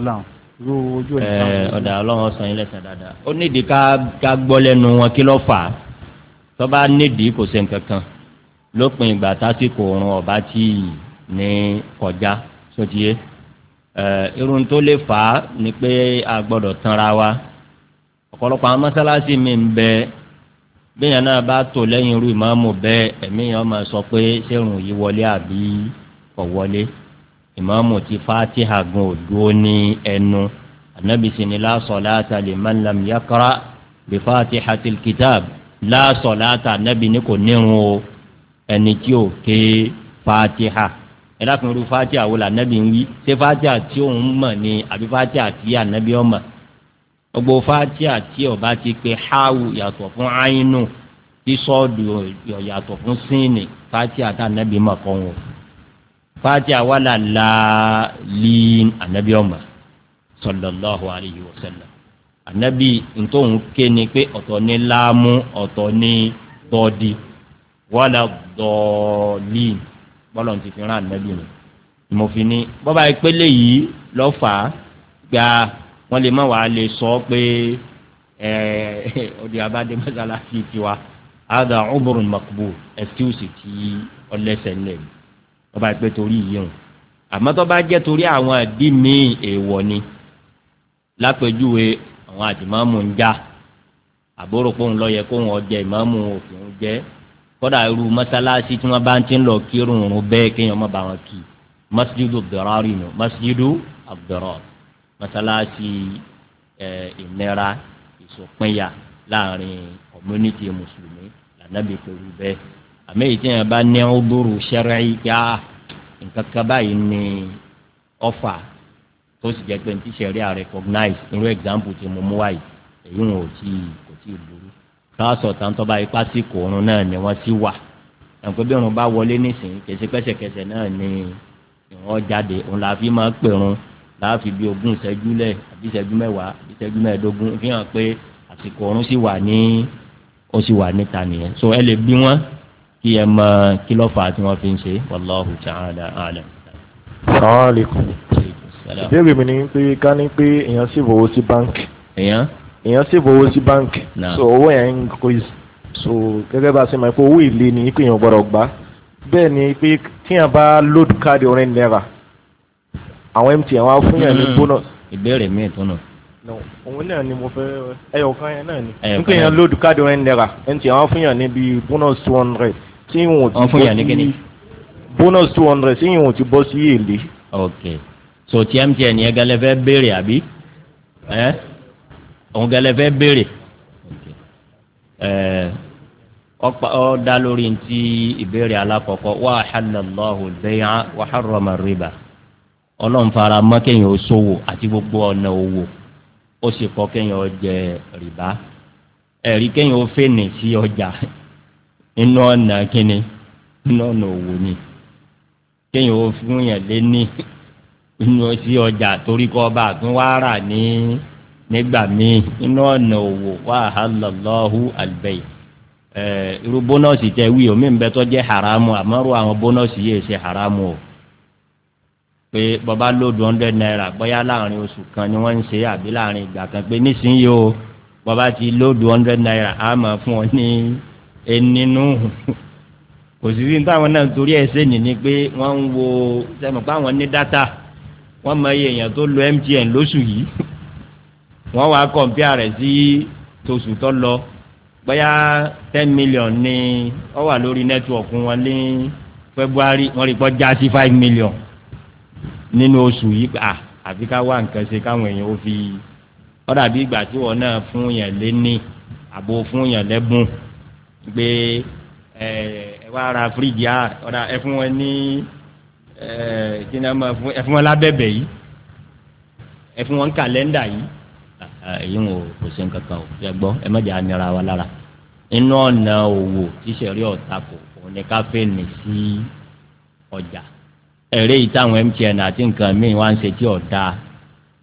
ó ru ojú ẹ̀ eh, náà. ọ̀dà ọlọ́run sọ yín lẹ́sẹ̀ dáadáa ó nídìí ká gbọ́ lẹ́nu wọn kí ló fà á tó bá nídìí kò se nǹkan kan lópin ìgbà tásìkò òrùn ọ̀bá tí ní kọjá sótìyé eh, irun tó lè fà á ni pé a gbọ́dọ̀ tanra wa ọ̀pọ̀lọpọ̀ àwọn mọ́sálásí mi ń bẹ bẹ́yàn náà bá tò lẹ́yìn irú ìmáàmù bẹ́ẹ̀ ẹ̀mí yẹn máa sọ pé ṣé irun yìí wọlé àbí kò wọlé ìmáàmù ti fatiha gun òdúró ní ẹnu anabi sini la salata liman lam yakra bi fatihatil kitab la salata anabi ni kò nírun o ẹni tí ò ké fatiha ẹlẹ́kùn irú fatiha wo la anabi ń wí ṣé fatiha tí òun mọ̀ ni àbí fatiha tí anabi ọ̀ mọ̀ gbogbo fatiha tí ọba ti pé hawu yàtọ̀ fún ainu tí sọ́ọ̀dù yàtọ̀ fún sínì fatiha tá anabi mọ̀ kọ́ wọn. wala la laaliin anabi ọma sallallahu alayhi wa sallam anabi ntòun ké ni pé ọ̀tọ̀ ni laamu ọ̀tọ̀ ni wala dọ́ọ̀liin bọ́lọ̀ ti fi anabi mi mo fi ni bọ́ba ìpele yìí lọ fà á gba wọ́n lè má wàá lè sọ pé ẹ̀ẹ́ ọdí abáde mọ́sálásí tiwa ada ọ̀bùrùn makbul excuse ti ọlẹ́sẹ̀ lẹ́yìn. ọba ìpè torí yìí àmọ́ tó bá jẹ́ torí àwọn ẹ̀dí míì èèwọ̀ ni lápèjúwe àwọn àtìmọ́mù ń já àbúrò pòun lọ yẹ kóun ọjẹ ìmọ̀mù òfin jẹ́ kódà irú mọ́sálásí tí wọ́n bá ń ti ń lọ kírun òun bẹ́ẹ̀ kéèyàn má ba wọn kì í masjidu abdurari nù masjidu abdurari mọ́sálásí ẹ̀ ìnira ìsòpinya láàrin community mùsùlùmí lànà bí pẹ̀lú bẹ́ẹ̀ àmì èyí tí yẹn bá ní ọdúnrún ṣẹrẹ yá nǹkan kan báyìí ní ọfà tó sì jẹ́ pé ní ti à recognize irú example tí mo mú wáyé èyí wọn ò tí kò tí ì burú káàsọ̀ tàǹtọ́ bá ipá sí náà ni wọ́n sì wà ẹ̀ǹkọ́ bí irun bá wọlé nísìnyí kèsì pẹ́sẹ̀kẹsẹ̀ náà ni ìwọ́n jáde òun la fi máa pèrun láàfi bí ogún ìṣẹ́jú lẹ̀ àbí ìṣẹ́jú mẹ́wàá àbí ìṣẹ́jú mẹ́ẹ̀ẹ́dógún fi hàn pé àsìkò ọ̀run sì wà ní ó sì wà níta nìyẹn so ẹ lè bí wọ́n kí ẹ mọ kí ló fà á tí wọ́n fi ń ṣe wàláhù ta'ala alam. sàmàlìkùn ìbéèrè mi ni pé ká ní pé èèyàn sì fowó sí báńkì. èèyàn. èèyàn sì fowó sí báńkì. so owó yẹn ń kó so gẹ́gẹ́ bá a ṣe mọ̀ pé owó ìlé ni pé èèyàn gbọ́dọ̀ gbà bẹ́ẹ̀ ni pé tíyàn bá load card orin naira àwọn mtn wa fún yàn ní gbóná. Hmm. ìbéèrè mi tún nù òun náà ni mo fẹ́ ẹyọkan yẹn náà ni. nípa èèyàn load card rẹ̀ ń lẹ́ra ẹni tí àwọn fún yàn níbi bonus two hundred tí ìwọ̀n ti bọ́ sí bonus two hundred tí ìwọ̀n ti bọ́ sí èlé. ok so ti mtn yẹn gẹlẹ fẹ béèrè àbí ẹ òun gẹlẹ fẹ béèrè ẹ ọ da lórí ti ìbéèrè alákọ̀ọ́kọ́ wà á xalàlọ́hù bẹ́yà wà á rọmọ rìbà ọlọ́run fara mọ́ kéèyàn ó sòwò àti gbogbo ọ̀nà òwò ó sì kọ́ kéèyàn ó rìbá ẹ̀rí kéèyàn ó fèèyàn sí ọjà inú ọ̀nà kínní inú ọ̀nà òwò ni kéèyàn ó fún yàn lé ní inú sí ọjà torí kọ́ ọba àtún wá rà ní nígbà míì inú ọ̀nà òwò lọ halallahu albayt ẹ̀ irú bónọ́ọ̀sì tẹ wí omi ń bẹ jẹ́ haramu àmọ́rú àwọn bónọ́ọ̀sì yìí ṣe haramu o pé bàbá lòdù naira bóyá láàrin oṣù kan ni wọ́n ń ṣe àbí láàrin ìgbà kan pé nísìnyí o ti lòdù naira á máa ọ ní. ẹnìnú kò sí sí táwọn náà torí ẹsẹ̀ nì ni pé wọ́n ń wo sẹ́mi pé àwọn ní dátà wọ́n mọ iye èèyàn tó lo mtn lóṣù yìí wọ́n wá kọ̀m̀pìà rẹ̀ sí tòṣù tó lọ bóyá ten million ni ó wà lórí nẹ́tíwọ̀kì wọn ní february wọ́n rí pọ́ já sí five million nínú oṣù yìí à àfi ká wá nǹkan ṣe káwọn èèyàn ó fi ó dàbí ìgbà tí wọn náà fún yàn lé ní àbò fún yàn lẹ́bùn gbé ẹ ẹ wá ra fíríjì á ọ̀dà ẹ fún wọn ní ẹ kí ni wọn fún ẹ fún wọn lábẹ́bẹ̀ yìí ẹ fún wọn kàlẹ́ndà yìí èyí ń wò kò sí nǹkan kan o ẹ gbọ́ ẹ má jà nira wa lára inú ọ̀nà òwò tíṣẹ̀rí ọ̀tá kò òun ni ká fẹ́ nì sí ọjà ẹ̀rẹ́ yìí táwọn mtn àti nǹkan míì wá ń ṣe tí ọ̀dà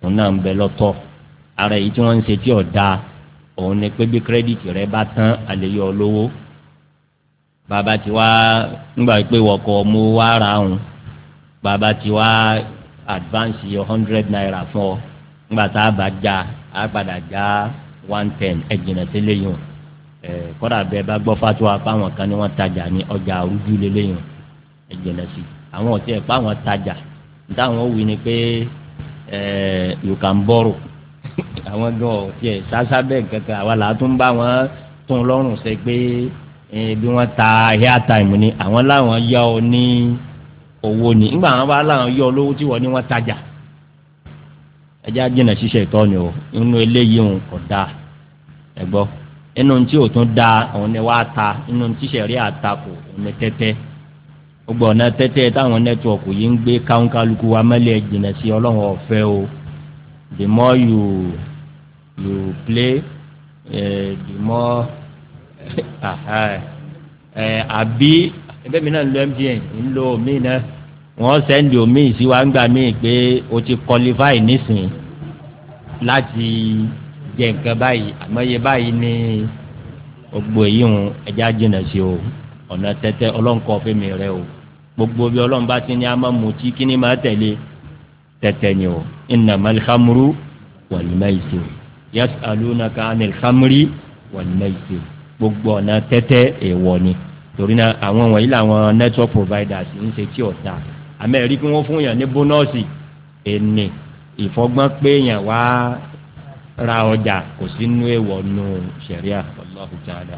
òun náà ń bẹ lọ́tọ̀ ara èyí tí wọ́n ń ṣe tí ọ̀dà òun ni pé bí kírẹ́dìtì rẹ bá tán àlèyé olówó bàbá tí wá nígbà pé wọkọ̀ mú wá ra òun bàbá tí wá advance yọ hundred naira fún ọ nígbà tá a bá já a padà já one ten ẹ̀jìnà sí léyìn ẹ̀ kọ́dà bẹ́ẹ̀ bá gbọ́ fatuwa fáwọn kan ni wọ́n tajà ní ọjà arúgbó léyìn ẹ̀jìnà sí àwọn ọ̀tí ẹ̀ fáwọn tajà nítawọn wí ni pé you can borrow àwọn gan ọ̀ tiẹ̀ sásá bẹ́ẹ̀ kankan àwa là bá wọn tún lọ́rùn ṣe pé bí wọ́n ta hair time ni àwọn láwọn yá ọ ní owó ni nígbà wọn bá láwọn yá ọ tí wọ́n ní wọ́n tajà ẹjẹ́ àjìnà ṣiṣẹ́ ìtọ́ni o inú eléyìí òun kò dáa ẹ gbọ́ inú tí ò tún dáa òun ni wàá ta inú tí sẹ̀rí àtakò òun ni tẹ́tẹ́ gbogbo ọ̀nà tẹ́tẹ́ táwọn nẹ́tíwọ̀kù yìí ń gbé káwọn wa mẹ́lẹ̀ jìnà sí ọlọ́run ọ̀fẹ́ o the more you you play uh, the more ah ẹgbẹ́ mi náà ń lo mtn ń lo omi náà wọ́n sẹ́ndì omi sí wa ń gbà mí pé o ti qualify nísìnyí láti jẹ nǹkan báyìí àmọ́ iye báyìí ní gbogbo èyí ń ẹja jìnnà sí o ọ̀nà tẹ́tẹ́ ọlọ́nkọ́ fẹ́mi rẹ o gbogbo bí ọlọ́run bá ti ní a máa mutí kí ni máa tẹ̀lé tẹ̀tẹ̀ ni o innamal khamru wal maisir yas'alunaka anil khamri wal maisir gbogbo ọ̀nà tẹ́tẹ́ èèwọ̀ ni torí náà àwọn wọ̀nyí làwọn network providers ń ṣe tí ọ̀tá àmẹ́rí kí wọ́n fún yàn ní bónọ́ọ̀sì ẹni ìfọgbọ́n pé yàn wá ra ọjà kò sí nú èèwọ̀ nù sẹ̀ríà Allahu ta'ala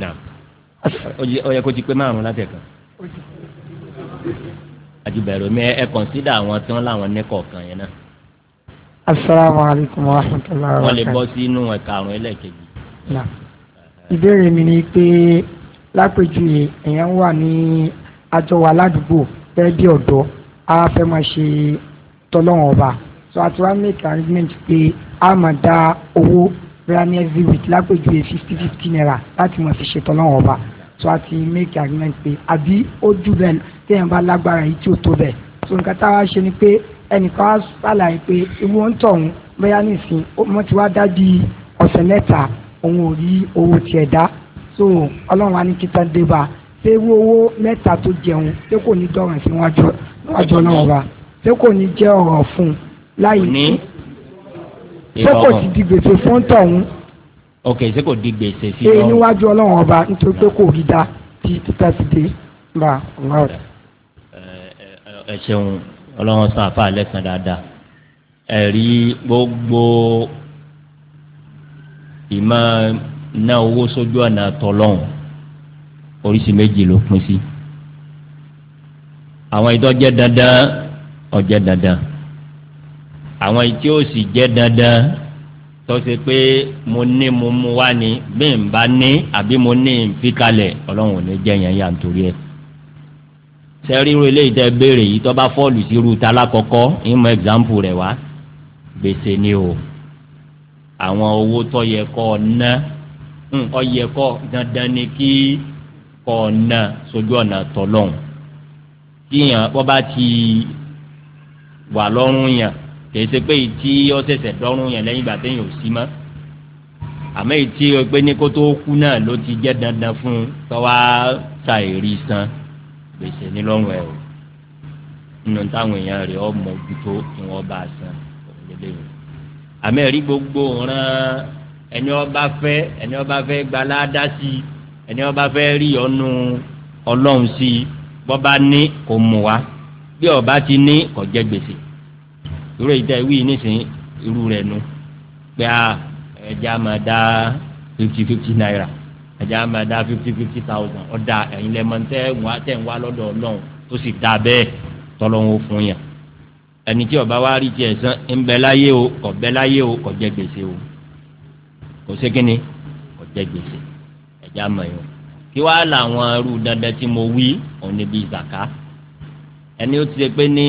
náà ó yẹ kó ti pé márùn-ún látẹ̀kàn àti bẹ̀rù mi ẹ kọ̀nsídà àwọn tí wọ́n láwọn ní kọ̀ọ̀kan yẹn náà. asalaamualeykum wa rahmatulahi wa barakatuh. wọ́n lè bọ́ sínú ẹ̀ka àrùn ẹlẹ́ẹ̀kejì. ìbéèrè mi ni pé lápèjúwe èèyàn wà ní àjọ wa ládùúgbò bẹ́ẹ̀ bí ọ̀dọ́ a fẹ́ máa ṣe tọ́lọ́wọ̀n ọba so àti wá make arrangement pé a máa dá owó rẹ́ni every lápèjúwe fifty fifty naira láti máa fi ṣe tọ́lọ́wọ̀n ọba so a ti make argument pé àbí ó jù bẹ́ẹ̀ téèyàn bá lágbára yìí tí ó tó bẹ́ẹ̀ so nǹkan táwa ṣe ni pé ẹnìkan á ṣàlàyé pé ewu ń tọ̀hún bóyá nìsín wọ́n ti wá dá ọ̀sẹ̀ mẹ́ta òun ò rí owó tiẹ̀ dá so ọlọ́run á ní kí tán dé bá a ṣé ewu owó mẹ́ta tó jẹun ṣé kò ní dọ̀rùn sí wájú ọlọ́run wa ṣé kò ní jẹ́ ọ̀rọ̀ fún un láì ṣé kò sì di gbèsè fún tọ̀hún ok ṣé kò di gbèsè sí lọ. ee níwájú ọlọ́run ọba nítorí pé kò rí da tí títà fi dé bá ọ̀gá ọ̀dà. ẹ ṣeun ọlọ́run san àfa lẹ́sàn dáadáa ẹ̀rí gbogbo ìmọ̀ ná owó sójú ọ̀nà tọ́lọ́hún oríṣi méjì ló pín sí àwọn ìtọ́ jẹ́ dandan ọ̀jẹ́ dandan àwọn ìtí ó sì jẹ́ dandan tọ́sí pé mo ní mo mú wá ni bí n bá ní àbí mo ní n fi kalẹ̀ ọlọ́run ò ní jẹ́ yẹn yà nítorí ẹ̀. sẹ́ríru eléyìí tẹ́ béèrè yìí tọ́ba fọ́ọ̀lù sí irú lákọ̀ọ́kọ́ ìmọ̀ ẹ̀gbáǹpù rẹ̀ wá gbèsè ni o àwọn owó tó yẹ kọ́ ọ ná ọ hmm, yẹ kọ́ dandan ni kí kọ́ ọ ná sójú ọ̀nà tọ́lọ́hún kíyàn bọ́ bá ti wà lọ́rùn yàn kìí ṣe pé ìtí ọ̀sẹ̀sẹ̀ dọ́rùn yẹn lẹ́yìn ìgbà téèyàn ò sí mọ́ àmọ́ ìtí pé ní kó tó kú náà ló ti jẹ́ dandan fún un pé wá ta èrì san gbèsè nílọ́rùn ẹ̀ o nínú táwọn èèyàn rẹ̀ ọmọ ojútó ni wọ́n bá a san òǹdílé yìí àmọ́ ẹ̀rí gbogbo ràn ẹni ọba fẹ́ ẹni ọba fẹ́ gbaládá sí i ẹni ọba fẹ́ rí ọnu ọlọ́run sí i bọ́ba ní kò mú wa bí ọba ti ní kò jẹ́ gbèsè irú ìtẹ wí nísìnyí irú rẹ̀ nu pé a ẹja máa dá fifty fifty naira ẹja máa dá fifty fifty thousand ọ̀dà ẹ̀yin lẹ́mọ̀tẹ́ tẹ̀ ń wá lọ́dọ̀ ọlọ́run tó sì dá bẹ́ẹ̀ tọ́lọ́run ó fún yàn ẹni tí ọba wa rí tiẹ̀ san ń bẹ láyé o kọ̀ bẹ láyé o kọ̀ jẹ gbèsè o kò sí kínní kọ̀ jẹ gbèsè ẹja máa yọ kí wàá làwọn irú dandan tí mo wí òun níbi ìzàká ẹni ó ti ṣe pé ní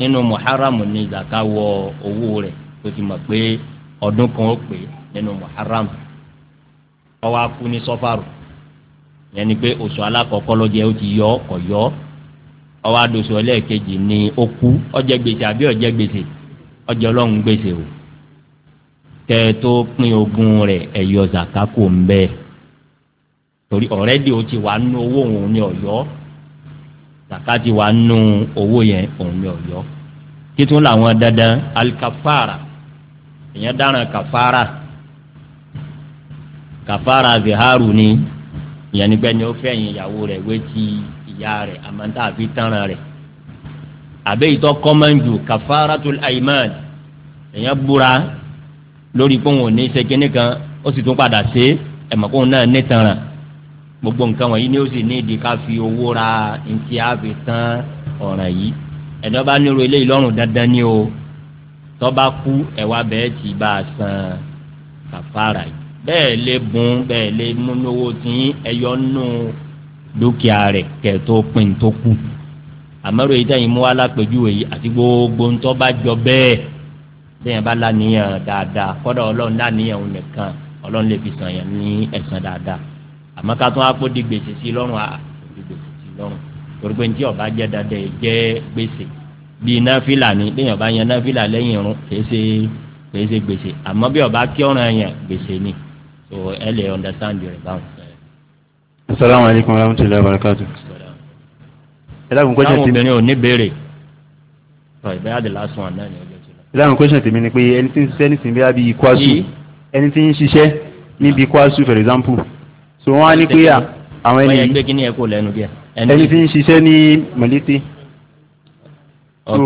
nínú muharram ní zaka wọ owó rẹ̀ tó fi mọ̀ pé ọdún kan ó pè nínú muharram akú ní yẹn ni pé oṣù alákọ̀ọ́kọ́ ló ó ti yọ ọkọ̀ yọ ọwọ́ ni ó kú gbèsè àbí o tó zaka kò ń torí zakati wa nù owó yẹn òun ni ọ̀yọ́ kí làwọn dandan alikafara èèyàn dáràn kafara kafara ziharu ni ìyẹn nígbà ni ó fẹ̀yìn ìyàwó rẹ̀ wé ìyá rẹ̀ àmọ́ntà àfi tánra rẹ̀ àbẹ́ ìtọ́ kọ́mọ́njù kafara tó àyìmán èèyàn búra lórí pé òun ò ní ṣe kinní kan ó sì tún padà ṣe ẹ̀mọ́kùnrin náà ní tanràn gbogbo nǹkan wọ̀nyí ni ó sì ní ìdí ká fi owó ra ntí a fi tán ọ̀ràn yìí ẹ̀dọ́ bá nírú eléyìí lọ́rùn dandan ni o tọ́ba kú ẹ̀wà bẹ́ẹ̀ ti bá a san kàfàrà yìí bẹ́ẹ̀ lè bùn bẹ́ẹ̀ lè múnú owó tí ẹ̀yọ́ nù dúkìá rẹ̀ kẹ̀tọ́ pin tó kù àmọ́rò yìí tẹ̀yìn mú alápèjúwe yìí àti gbogbo ńtọ́ jọ bẹ́ẹ̀ tẹ̀yìn bá lánìyàn dáadáa kọ́dọ̀ ọlọ́run lánìyàn nìkan ọlọ́run lè fi sàn yẹn ní ẹ̀sán dáadáa àmọ́ ká tún akó di gbèsè sí lọ́rùn àá di gbèsè sí lọ́rùn torí pé ntí ọba jẹ́ dandan yìí jẹ́ gbèsè bíi náfìlà ni bí ọba yẹn náfìlà lẹ́yìn irun kìí ṣe kìí ṣe gbèsè àmọ́ bí ọba kí ọ̀ràn yẹn gbèsè ni so ẹ lè understand your bound. asalaamu aleykum wa rahmatulahi wa barakatu. ẹ dákun kó ṣe tèmi. táwọn ò ní béèrè. sọ ìbáyà the last one náà ni ọjọ́ ni pé ẹni tí ń ṣiṣẹ́ nísìnyí bí i kwasu ẹni tí ń ṣiṣẹ́ níbi kwasu for example so wọ́n á ní pé àwọn ẹni ẹni tí ń ṣiṣẹ́ ní mọ̀lẹ́tẹ̀ so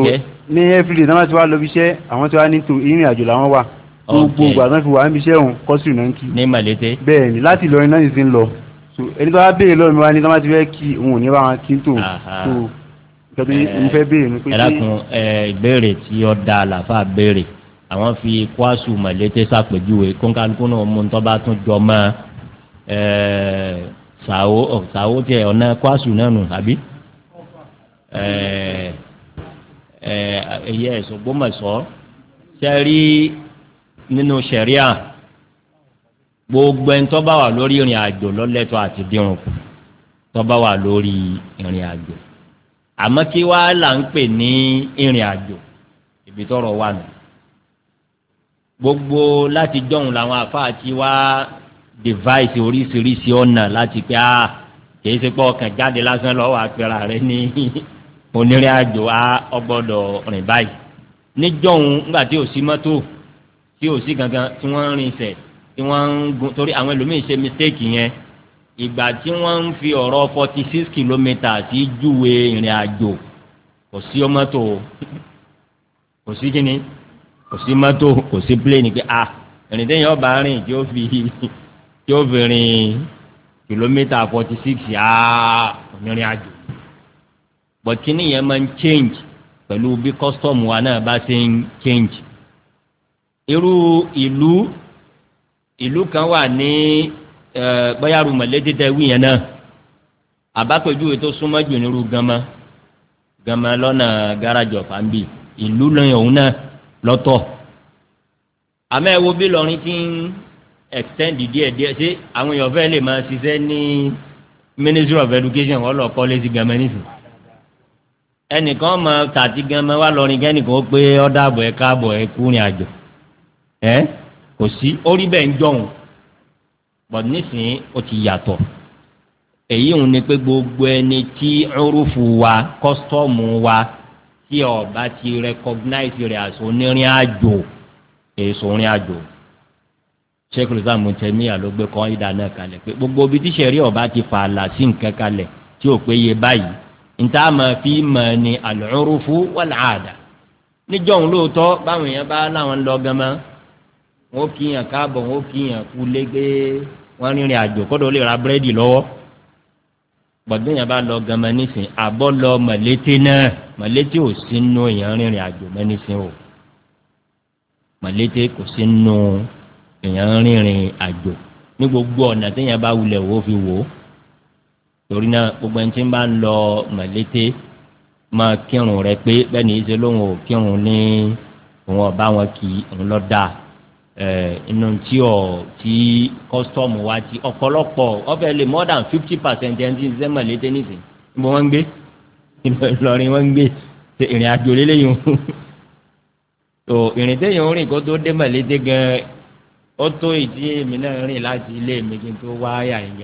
ní everyday náà ti wá lọ bí iṣẹ́ àwọn tí wá ní to ìrìn àjò làwọn wà gbogbo ìgbà náà fi wà níbi iṣẹ́ òun kọ́sìrì náà kí ní mọ̀lẹ́tẹ̀ bẹ́ẹ̀ ni láti Ìlọrin náà ti ń lọ so ẹni tó wá béèrè lọ́rùn mi wá ní tó má ti fẹ́ kí òun ò ní bá wọn kí n tò so ìjọba béèrè ni pé. ẹlẹ́kùn ìbéèrè sàwó sàwó tiẹ̀ ọ̀nà kwásù náà nù àbí ẹ̀yẹ eh, eh, eh, ẹ̀sùn gbọ́mọ̀sọ́ sẹ́rí nínú sẹ̀ríà gbogbo ẹni tó bá wà lórí ìrìn àjò lọ́lẹ́tọ̀ àti dírun kù tó bá wà lórí ìrìn àjò àmọ́ kí wàá là ń pè ní ìrìn àjò ibi tọrọ wà nù gbogbo láti jọ̀hún làwọn afáàtì wá device oríṣiríṣi ọ̀nà láti pé ah kìí ṣe pé ọkàn jáde lásán lọ́wọ́ àpẹẹrẹ rẹ ní onírìn àjò ah ọgbọ́dọ̀ rìn báyìí níjọ́hun nígbà tí ò sí mọ́tò tí ò sí gangan tí wọ́n ń rinṣẹ̀ tí wọ́n ń gun torí àwọn ẹlòmíín ṣe mistake yẹn ìgbà tí wọ́n ń fi ọ̀rọ̀ forty six kilometres sí júwe ìrìn àjò kò sí mọ́tò kò sí kíni kò sí mọ́tò kò sí plane pé ah ìrìn téèyàn rìn tí ó fi tí ó fi rin kìlómítà forty six aa onírìn àjò but kíní yẹn máa ń change pẹ̀lú bí custom wa náà bá ṣe ń change irú ìlú ìlú kan wà ní bóyá rúmọ̀lẹ́dẹ́ tẹ wí yẹn náà àbápẹ̀júwe tó súnmọ́ jù nírú ganmọ́ ganmọ́ lọ́nà gáràjì ọ̀fàǹbì ìlú lọ́yìn òun náà lọ́tọ̀ àmọ́ ẹ wo bí lọ́rin ti ń extend díẹ̀ díẹ̀ ṣé àwọn èèyàn fẹ́ lè máa ṣiṣẹ́ ní ministry of education wọ́n lọ kọ́ lẹ́sí gan mẹ́nìsì ẹnìkan mọ tàti gan mọ wá lọrin kẹ́nìkan ó pé ọ̀dà àbọ̀ ẹ̀ káàbọ̀ ẹ̀ kúrin àjò ẹ̀ kò sí orí bẹ́ẹ̀ ń jọ̀hún but nísìnyí ó ti yàtọ̀ èyí ń ni pé gbogbo ẹni tí ọrùfù wa kọ́sítọ́ọ̀mù wa tí ọba ti recognize rẹ̀ as onírin àjò èso orin àjò sheikh islam tẹmíyà ló gbé kọ́ ìdá náà kalẹ̀ pé gbogbo ibi tí sẹ̀rí ọba ti fa àlà sí nǹkan kalẹ̀ tí ò pé yé báyìí níta máa fi mọ̀ ni àlùrùfù wàlà àdà níjọ́ òun lóòótọ́ báwọn èèyàn bá láwọn lọ gánmọ́ wọn kì í yàn káàbọ̀ wọn kì í yàn kú légbé wọn rìnrìn àjò kọ́dọ̀ lè ra búrẹ́dì lọ́wọ́ gbọ̀dọ̀ yẹn bá lọ gánmọ́ nísìn àbọ̀ lọ mọ̀lété náà mọ̀lété ò sí nù rìnrìn àjò mọ́ o mọ̀lété kò sí èèyàn ń rìnrìn àjò ní gbogbo ọ̀nà téèyàn bá wulẹ̀ wò ó fi wò ó torí náà gbogbo ẹni tí ń bá ń lọ mọ̀lété máa kírun rẹ pé bẹ́ẹ̀ ni ìṣe lóun ò kírun ní òun ọ̀bá wọn kì í òun lọ dáa inú tí ọ̀ tí kọ́sítọ́ọ̀mù wa ti ọ̀pọ̀lọpọ̀ ọ̀fẹ́ lè more than fifty percent ẹni tí ń ṣe mọ̀lété nísìnyí níbo wọ́n ń gbé ìlọrin wọ́n ń gbé ìrìn àjò lélẹ́yìn o ìrìn téèyàn ń rìn kó tó dé mọ̀lété gan-an ó tó ìdí èmi náà rìn láti ilé mi kí n tó wá àyà yẹn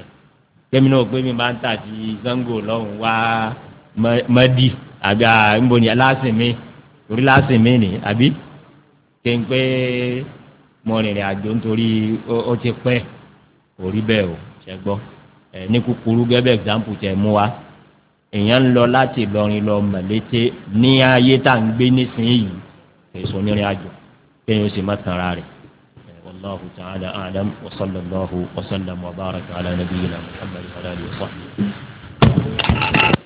kémi náà pé mi máa ń tà ti zango lọ́hùn wá mọ́dì àbí àìmbo ni aláṣẹ̀mí orí láṣẹ̀mí ni àbí kí n pé mo rìnrìn àjò nítorí ó ti pẹ́ orí bẹ́ẹ̀ o ṣe gbọ́ ẹ ní kúkúrú gẹ́gẹ́ example tẹ̀ mú wa èèyàn ń lọ láti Ìlọrin lọ Mọ̀lété ní ayé tá à ń gbé nísìnyí èso onírìn àjò kéèyàn sì má tanra rẹ̀. والله تعالى أعلم وصلى الله وسلم وبارك على نبينا محمد وعلى آله وصحبه